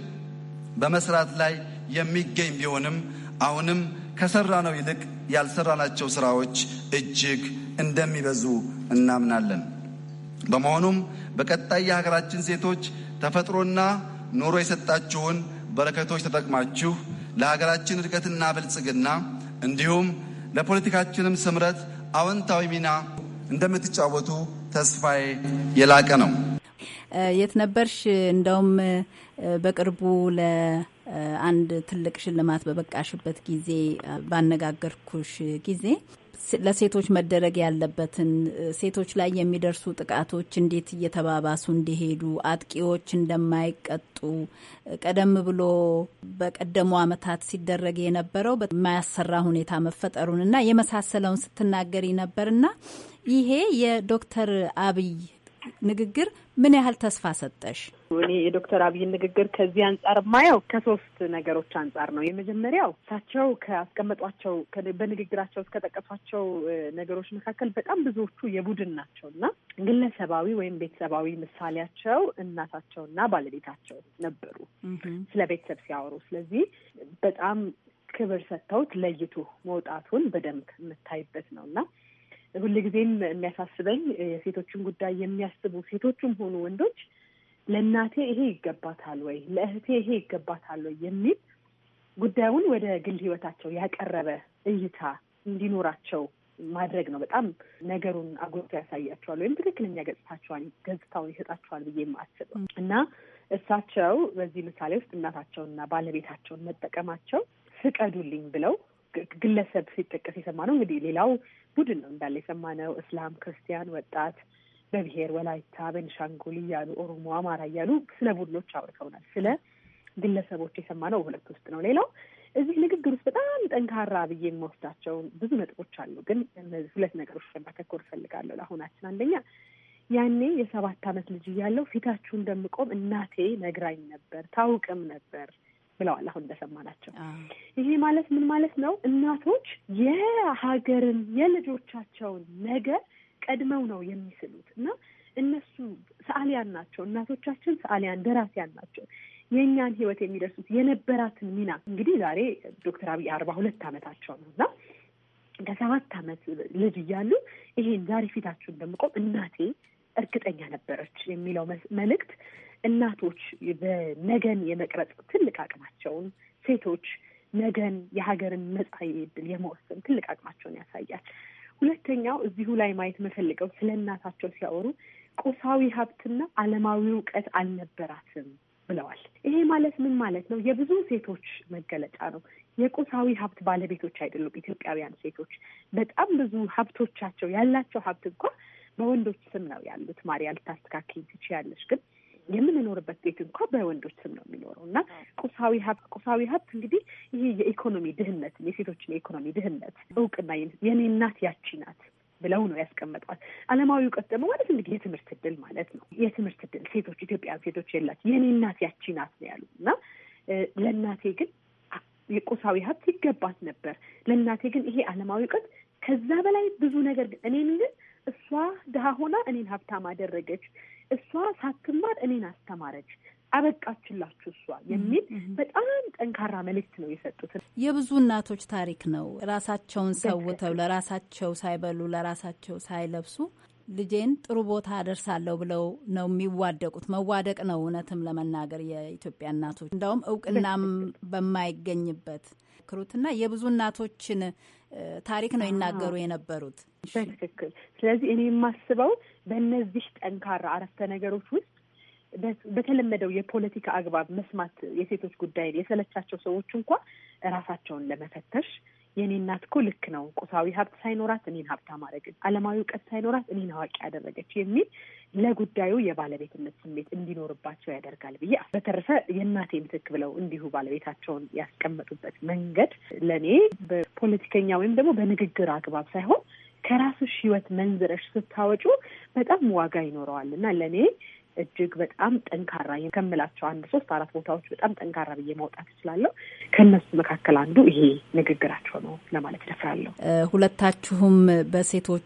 Speaker 2: በመስራት ላይ የሚገኝ ቢሆንም አሁንም ከሰራ ነው ይልቅ ያልሰራናቸው ስራዎች እጅግ እንደሚበዙ እናምናለን። በመሆኑም በቀጣይ የሀገራችን ሴቶች ተፈጥሮና ኑሮ የሰጣችሁን በረከቶች ተጠቅማችሁ ለሀገራችን እድገትና ብልጽግና እንዲሁም ለፖለቲካችንም ስምረት አዎንታዊ ሚና እንደምትጫወቱ ተስፋዬ የላቀ ነው።
Speaker 15: የት ነበርሽ? እንደውም በቅርቡ ለአንድ ትልቅ ሽልማት በበቃሽበት ጊዜ ባነጋገርኩሽ ጊዜ ለሴቶች መደረግ ያለበትን ሴቶች ላይ የሚደርሱ ጥቃቶች እንዴት እየተባባሱ እንዲሄዱ አጥቂዎች እንደማይቀጡ ቀደም ብሎ በቀደሙ ዓመታት ሲደረግ የነበረው በማያሰራ ሁኔታ መፈጠሩን እና የመሳሰለውን ስትናገሪ ነበርና ይሄ የዶክተር አብይ ንግግር ምን ያህል ተስፋ ሰጠሽ? እኔ የዶክተር አብይን ንግግር ከዚህ አንጻር የማየው ከሶስት ነገሮች አንጻር ነው።
Speaker 6: የመጀመሪያው እሳቸው ከአስቀመጧቸው በንግግራቸው እስከጠቀሷቸው ነገሮች መካከል በጣም ብዙዎቹ የቡድን ናቸው እና ግለሰባዊ ወይም ቤተሰባዊ ምሳሌያቸው እናታቸው እና ባለቤታቸው ነበሩ ስለ ቤተሰብ ሲያወሩ። ስለዚህ በጣም ክብር ሰጥተውት ለይቱ መውጣቱን በደንብ የምታይበት ነው እና ሁልጊዜም የሚያሳስበኝ የሴቶችን ጉዳይ የሚያስቡ ሴቶችም ሆኑ ወንዶች ለእናቴ ይሄ ይገባታል ወይ፣ ለእህቴ ይሄ ይገባታል ወይ የሚል ጉዳዩን ወደ ግል ህይወታቸው ያቀረበ እይታ እንዲኖራቸው ማድረግ ነው። በጣም ነገሩን አጎቶ ያሳያቸዋል ወይም ትክክለኛ ገጽታቸዋን ገጽታውን ይሰጣቸዋል ብዬ የማስበው እና እሳቸው በዚህ ምሳሌ ውስጥ እናታቸውንና ባለቤታቸውን መጠቀማቸው ፍቀዱልኝ ብለው ግለሰብ ሲጠቀስ የሰማ ነው። እንግዲህ ሌላው ቡድን ነው እንዳለ የሰማ ነው። እስላም፣ ክርስቲያን፣ ወጣት በብሔር ወላይታ፣ በንሻንጉል እያሉ ኦሮሞ፣ አማራ እያሉ ስለ ቡድኖች አውርተውናል። ስለ ግለሰቦች የሰማ ነው ሁለት ውስጥ ነው። ሌላው እዚህ ንግግር ውስጥ በጣም ጠንካራ ብዬ የሚወስዳቸው ብዙ ነጥቦች አሉ፣ ግን ሁለት ነገሮች ማተኮር እፈልጋለሁ ለአሁናችን። አንደኛ ያኔ የሰባት ዓመት ልጅ እያለው ፊታችሁን እንደምቆም እናቴ ነግራኝ ነበር ታውቅም ነበር ብለዋል። አሁን እንደሰማናቸው ይሄ ማለት ምን ማለት ነው? እናቶች የሀገርን የልጆቻቸውን ነገር ቀድመው ነው የሚስሉት እና እነሱ ሰዓሊያን ናቸው። እናቶቻችን ሰዓሊያን፣ ደራሲያን ናቸው። የእኛን ህይወት የሚደርሱት የነበራትን ሚና እንግዲህ ዛሬ ዶክተር አብይ አርባ ሁለት ዓመታቸው ነው እና ከሰባት አመት ልጅ እያሉ ይሄን ዛሬ ፊታችሁን በመቆም እናቴ እርግጠኛ ነበረች የሚለው መልእክት እናቶች በነገን የመቅረጽ ትልቅ አቅማቸውን፣ ሴቶች ነገን የሀገርን መጻኢ ዕድል የመወሰን ትልቅ አቅማቸውን ያሳያል። ሁለተኛው እዚሁ ላይ ማየት የምፈልገው ስለ እናታቸው ሲያወሩ ቁሳዊ ሀብትና ዓለማዊ እውቀት አልነበራትም ብለዋል። ይሄ ማለት ምን ማለት ነው? የብዙ ሴቶች መገለጫ ነው። የቁሳዊ ሀብት ባለቤቶች አይደሉም ኢትዮጵያውያን ሴቶች። በጣም ብዙ ሀብቶቻቸው ያላቸው ሀብት እንኳ በወንዶች ስም ነው ያሉት። ማሪያ ልታስተካክል ትችያለሽ፣ ግን የምንኖርበት ቤት እንኳ በወንዶች ስም ነው የሚኖረው እና ቁሳዊ ሀብት ቁሳዊ ሀብት እንግዲህ ይህ የኢኮኖሚ ድህነት የሴቶችን የኢኮኖሚ ድህነት እውቅና የኔ እናት ያቺ ናት ብለው ነው ያስቀመጧል። አለማዊ እውቀት ደግሞ ማለት እንግዲህ የትምህርት እድል ማለት ነው። የትምህርት እድል ሴቶች ኢትዮጵያ ሴቶች የላቸው የኔ እናት ያቺ ናት ነው ያሉ እና ለእናቴ ግን የቁሳዊ ሀብት ይገባት ነበር። ለእናቴ ግን ይሄ አለማዊ እውቀት ከዛ በላይ ብዙ ነገር ግን እኔን ግን እሷ ድሃ ሆና እኔን ሀብታም አደረገች እሷ ሳትማር እኔን
Speaker 15: አስተማረች አበቃችላችሁ እሷ የሚል በጣም ጠንካራ መልእክት ነው የሰጡት። የብዙ እናቶች ታሪክ ነው። ራሳቸውን ሰውተው ለራሳቸው ሳይበሉ ለራሳቸው ሳይለብሱ ልጄን ጥሩ ቦታ አደርሳለሁ ብለው ነው የሚዋደቁት። መዋደቅ ነው እውነትም ለመናገር የኢትዮጵያ እናቶች እንዲያውም እውቅናም በማይገኝበት ክሩትና የብዙ እናቶችን ታሪክ ነው ይናገሩ የነበሩት። በትክክል ስለዚህ እኔ የማስበው በእነዚህ ጠንካራ አረፍተ ነገሮች ውስጥ
Speaker 6: በተለመደው የፖለቲካ አግባብ መስማት የሴቶች ጉዳይ የሰለቻቸው ሰዎች እንኳ እራሳቸውን ለመፈተሽ የእኔ እናት እኮ ልክ ነው፣ ቁሳዊ ሀብት ሳይኖራት እኔን ሀብታ አደረገች፣ አለማዊ እውቀት ሳይኖራት እኔን አዋቂ ያደረገች የሚል ለጉዳዩ የባለቤትነት ስሜት እንዲኖርባቸው ያደርጋል ብዬ በተረፈ የእናቴ ምትክ ብለው እንዲሁ ባለቤታቸውን ያስቀመጡበት መንገድ ለእኔ በፖለቲከኛ ወይም ደግሞ በንግግር አግባብ ሳይሆን ከራስሽ ህይወት መንዝረሽ ስታወጩ በጣም ዋጋ ይኖረዋል እና ለእኔ እጅግ በጣም ጠንካራ ከምላቸው አንድ ሶስት አራት ቦታዎች በጣም ጠንካራ ብዬ ማውጣት እችላለሁ።
Speaker 15: ከእነሱ መካከል አንዱ ይሄ
Speaker 6: ንግግራቸው ነው
Speaker 15: ለማለት ደፍራለሁ። ሁለታችሁም በሴቶች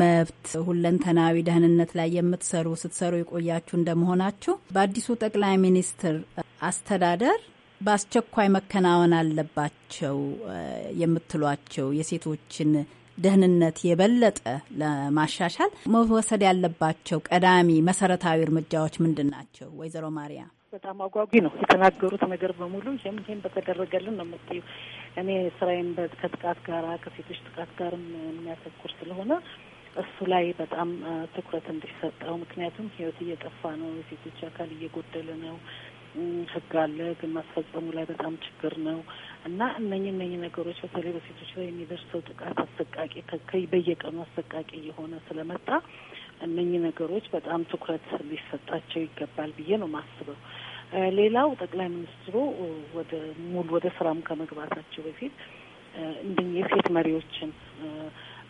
Speaker 15: መብት ሁለንተናዊ ደህንነት ላይ የምትሰሩ ስትሰሩ የቆያችሁ እንደመሆናችሁ በአዲሱ ጠቅላይ ሚኒስትር አስተዳደር በአስቸኳይ መከናወን አለባቸው የምትሏቸው የሴቶችን ደህንነት የበለጠ ለማሻሻል መወሰድ ያለባቸው ቀዳሚ መሰረታዊ እርምጃዎች ምንድን ናቸው?
Speaker 16: ወይዘሮ ማርያም በጣም አጓጊ ነው የተናገሩት ነገር በሙሉ። ይህም ይህም በተደረገልን ነው የምትዩ። እኔ ስራዬን ከጥቃት ጋር ከሴቶች ጥቃት ጋር የሚያተኩር ስለሆነ እሱ ላይ በጣም ትኩረት እንዲሰጠው። ምክንያቱም ህይወት እየጠፋ ነው፣ የሴቶች አካል እየጎደለ ነው። ህግ አለ፣ ግን ማስፈጸሙ ላይ በጣም ችግር ነው። እና እነኝ እነኝ ነገሮች በተለይ በሴቶች ላይ የሚደርሰው ጥቃት አሰቃቂ በየቀኑ አሰቃቂ እየሆነ ስለመጣ እነኚህ ነገሮች በጣም ትኩረት ሊሰጣቸው ይገባል ብዬ ነው የማስበው። ሌላው ጠቅላይ ሚኒስትሩ ወደ ሙሉ ወደ ስራም ከመግባታቸው በፊት እንደ የሴት መሪዎችን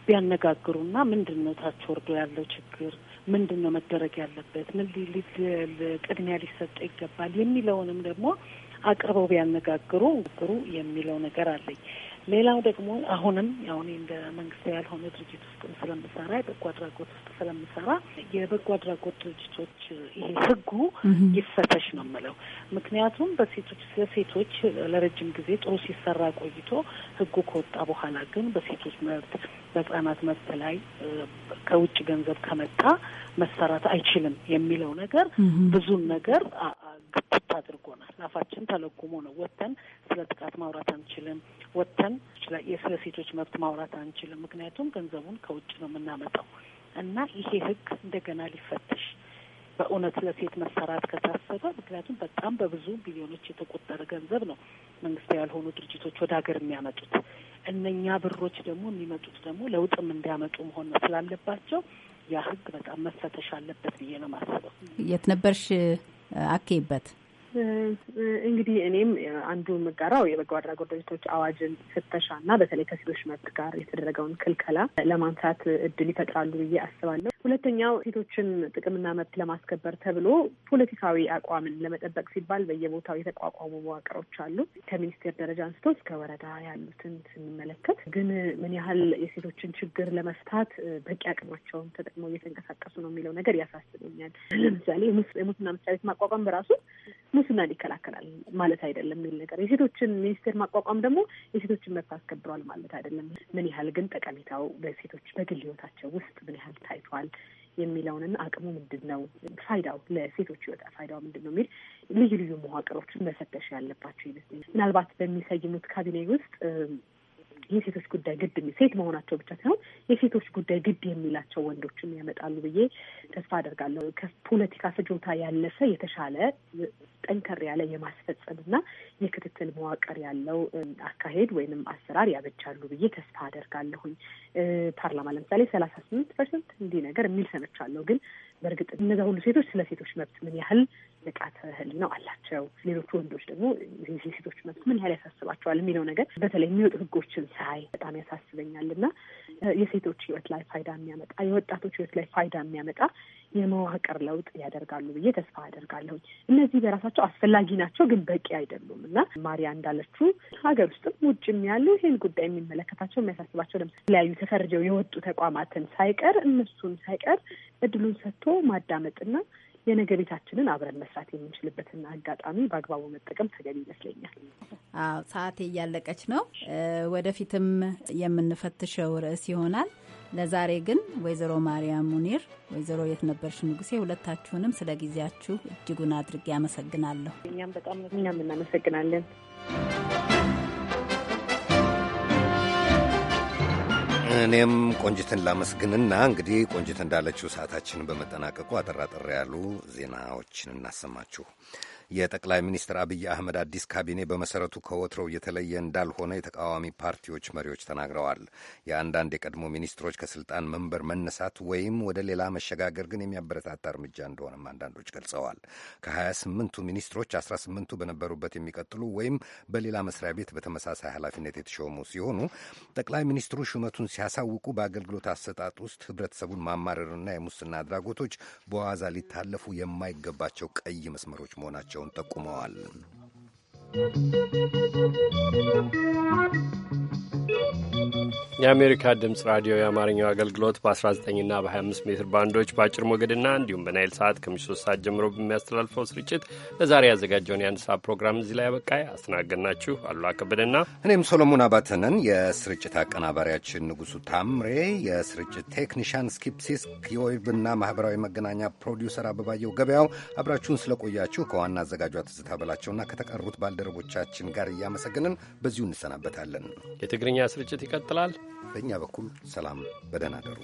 Speaker 16: ቢያነጋግሩና ምንድን ነው ታች ወርዶ ያለው ችግር ምንድን ነው መደረግ ያለበት ምን ቅድሚያ ሊሰጠ ይገባል የሚለውንም ደግሞ አቅርበው ቢያነጋግሩ ጥሩ የሚለው ነገር አለኝ። ሌላው ደግሞ አሁንም ያሁን እንደ መንግስት ያልሆነ ድርጅት ውስጥም ስለምሰራ የበጎ አድራጎት ውስጥ ስለምሰራ የበጎ አድራጎት ድርጅቶች ይሄ ህጉ ይፈተሽ ነው የምለው። ምክንያቱም በሴቶች ለሴቶች ለረጅም ጊዜ ጥሩ ሲሰራ ቆይቶ ህጉ ከወጣ በኋላ ግን በሴቶች መብት በህጻናት መብት ላይ ከውጭ ገንዘብ ከመጣ መሰራት አይችልም የሚለው ነገር ብዙን ነገር ክትት አድርጎናል። አፋችን ተለጉሞ ነው ወጥተን ስለ ጥቃት ማውራት አንችልም። ወጥተን ስለ ሴቶች መብት ማውራት አንችልም። ምክንያቱም ገንዘቡን ከውጭ ነው የምናመጣው እና ይሄ ህግ እንደገና ሊፈተሽ በእውነት ለሴት መሰራት ከታሰበ ምክንያቱም በጣም በብዙ ቢሊዮኖች የተቆጠረ ገንዘብ ነው መንግስታዊ ያልሆኑ ድርጅቶች ወደ ሀገር የሚያመጡት። እነኛ ብሮች ደግሞ የሚመጡት ደግሞ ለውጥም እንዲያመጡ መሆን ስላለባቸው ያ ህግ በጣም መፈተሽ አለበት ብዬ ነው ማስበው።
Speaker 15: የት ነበርሽ አኬበት?
Speaker 6: እንግዲህ እኔም አንዱ የምጋራው የበጎ አድራጎት ድርጅቶች አዋጅን ፍተሻ እና በተለይ ከሴቶች መብት ጋር የተደረገውን ክልከላ ለማንሳት እድል ይፈጥራሉ ብዬ አስባለሁ። ሁለተኛው ሴቶችን ጥቅምና መብት ለማስከበር ተብሎ ፖለቲካዊ አቋምን ለመጠበቅ ሲባል በየቦታው የተቋቋሙ መዋቅሮች አሉ። ከሚኒስቴር ደረጃ አንስቶ እስከ ወረዳ ያሉትን ስንመለከት ግን ምን ያህል የሴቶችን ችግር ለመፍታት በቂ አቅማቸውን ተጠቅመው እየተንቀሳቀሱ ነው የሚለው ነገር ያሳስበኛል። ለምሳሌ የሙስና መስሪያ ቤት ማቋቋም በራሱ ሙስናን ይከላከላል ማለት አይደለም የሚል ነገር፣ የሴቶችን ሚኒስቴር ማቋቋም ደግሞ የሴቶችን መብት አስከብሯል ማለት አይደለም። ምን ያህል ግን ጠቀሜታው በሴቶች በግል ህይወታቸው ውስጥ ምን ያህል ታይቷል የሚለውንና አቅሙ ምንድን ነው፣ ፋይዳው ለሴቶች ይወጣ ፋይዳው ምንድን ነው የሚል ልዩ ልዩ መዋቅሮች መፈተሽ ያለባቸው ይመስለኛል። ምናልባት በሚሰይሙት ካቢኔ ውስጥ የሴቶች ጉዳይ ግድ ሴት መሆናቸው ብቻ ሳይሆን የሴቶች ጉዳይ ግድ የሚላቸው ወንዶችም ያመጣሉ ብዬ ተስፋ አደርጋለሁ። ከፖለቲካ ፍጆታ ያለፈ የተሻለ ጠንከር ያለ የማስፈጸምና የክትትል መዋቅር ያለው አካሄድ ወይንም አሰራር ያበጃሉ ብዬ ተስፋ አደርጋለሁኝ። ፓርላማ ለምሳሌ ሰላሳ ስምንት ፐርሰንት እንዲህ ነገር የሚል ሰምቻለሁ። ግን በእርግጥ እነዛ ሁሉ ሴቶች ስለ ሴቶች መብት ምን ያህል ንቃተ ህሊና አላቸው፣ ሌሎቹ ወንዶች ደግሞ የሴቶች መብት ምን ያህል ያሳስባቸዋል የሚለው ነገር በተለይ የሚወጡ ህጎችን ሳይ በጣም ያሳስበኛል እና የሴቶች ህይወት ላይ ፋይዳ የሚያመጣ የወጣቶች ህይወት ላይ ፋይዳ የሚያመጣ የመዋቅር ለውጥ ያደርጋሉ ብዬ ተስፋ አደርጋለሁ። እነዚህ በራሳቸው አስፈላጊ ናቸው፣ ግን በቂ አይደሉም እና ማሪያ እንዳለችው ሀገር ውስጥም ውጭም ያሉ ይህን ጉዳይ የሚመለከታቸው የሚያሳስባቸው ለምሳሌ የተለያዩ ተፈርጀው የወጡ ተቋማትን ሳይቀር እነሱን ሳይቀር እድሉን ሰጥቶ ማዳመጥና ቤታችንን አብረን መስራት
Speaker 15: የምንችልበትን አጋጣሚ በአግባቡ መጠቀም ተገቢ ይመስለኛል። አዎ ሰዓቴ እያለቀች ነው። ወደፊትም የምንፈትሸው ርዕስ ይሆናል። ለዛሬ ግን ወይዘሮ ማርያም ሙኒር፣ ወይዘሮ የት ነበርሽ ንጉሴ ሁለታችሁንም ስለ ጊዜያችሁ እጅጉን አድርጌ አመሰግናለሁ። እኛም በጣም እኛም እናመሰግናለን።
Speaker 3: እኔም ቆንጅትን ላመስግንና እንግዲህ ቆንጅት እንዳለችው ሰዓታችንን በመጠናቀቁ አጠራጠር ያሉ ዜናዎችን እናሰማችሁ። የጠቅላይ ሚኒስትር አብይ አህመድ አዲስ ካቢኔ በመሰረቱ ከወትሮው የተለየ እንዳልሆነ የተቃዋሚ ፓርቲዎች መሪዎች ተናግረዋል። የአንዳንድ የቀድሞ ሚኒስትሮች ከስልጣን መንበር መነሳት ወይም ወደ ሌላ መሸጋገር ግን የሚያበረታታ እርምጃ እንደሆነም አንዳንዶች ገልጸዋል። ከ28ቱ ሚኒስትሮች 18ቱ በነበሩበት የሚቀጥሉ ወይም በሌላ መስሪያ ቤት በተመሳሳይ ኃላፊነት የተሾሙ ሲሆኑ ጠቅላይ ሚኒስትሩ ሹመቱን ሲያሳውቁ በአገልግሎት አሰጣጥ ውስጥ ህብረተሰቡን ማማረርና የሙስና አድራጎቶች በዋዛ ሊታለፉ የማይገባቸው ቀይ መስመሮች መሆናቸው መሆናቸውን ጠቁመዋል።
Speaker 1: የአሜሪካ ድምፅ ራዲዮ የአማርኛው አገልግሎት በ19ና በ25 ሜትር ባንዶች በአጭር ሞገድና እንዲሁም በናይል ሰዓት ከምሽቱ 3 ሰዓት ጀምሮ በሚያስተላልፈው ስርጭት ለዛሬ ያዘጋጀውን የአንድ ሰዓት ፕሮግራም እዚህ ላይ ያበቃ። አስተናገድናችሁ አሉላ ከበደና
Speaker 3: እኔም ሶሎሞን አባተነን። የስርጭት አቀናባሪያችን ንጉሱ ታምሬ፣ የስርጭት ቴክኒሽያን ስኪፕሲስ ዮይብና ማህበራዊ መገናኛ ፕሮዲውሰር አበባየው ገበያው። አብራችሁን ስለቆያችሁ ከዋና አዘጋጇ ትዝታ በላቸውና ከተቀሩት ባልደረቦቻችን ጋር እያመሰገንን በዚሁ እንሰናበታለን። የትግርኛ ስርጭት ይቀጥላል። በእኛ በኩል ሰላም፣ በደህና አደሩ።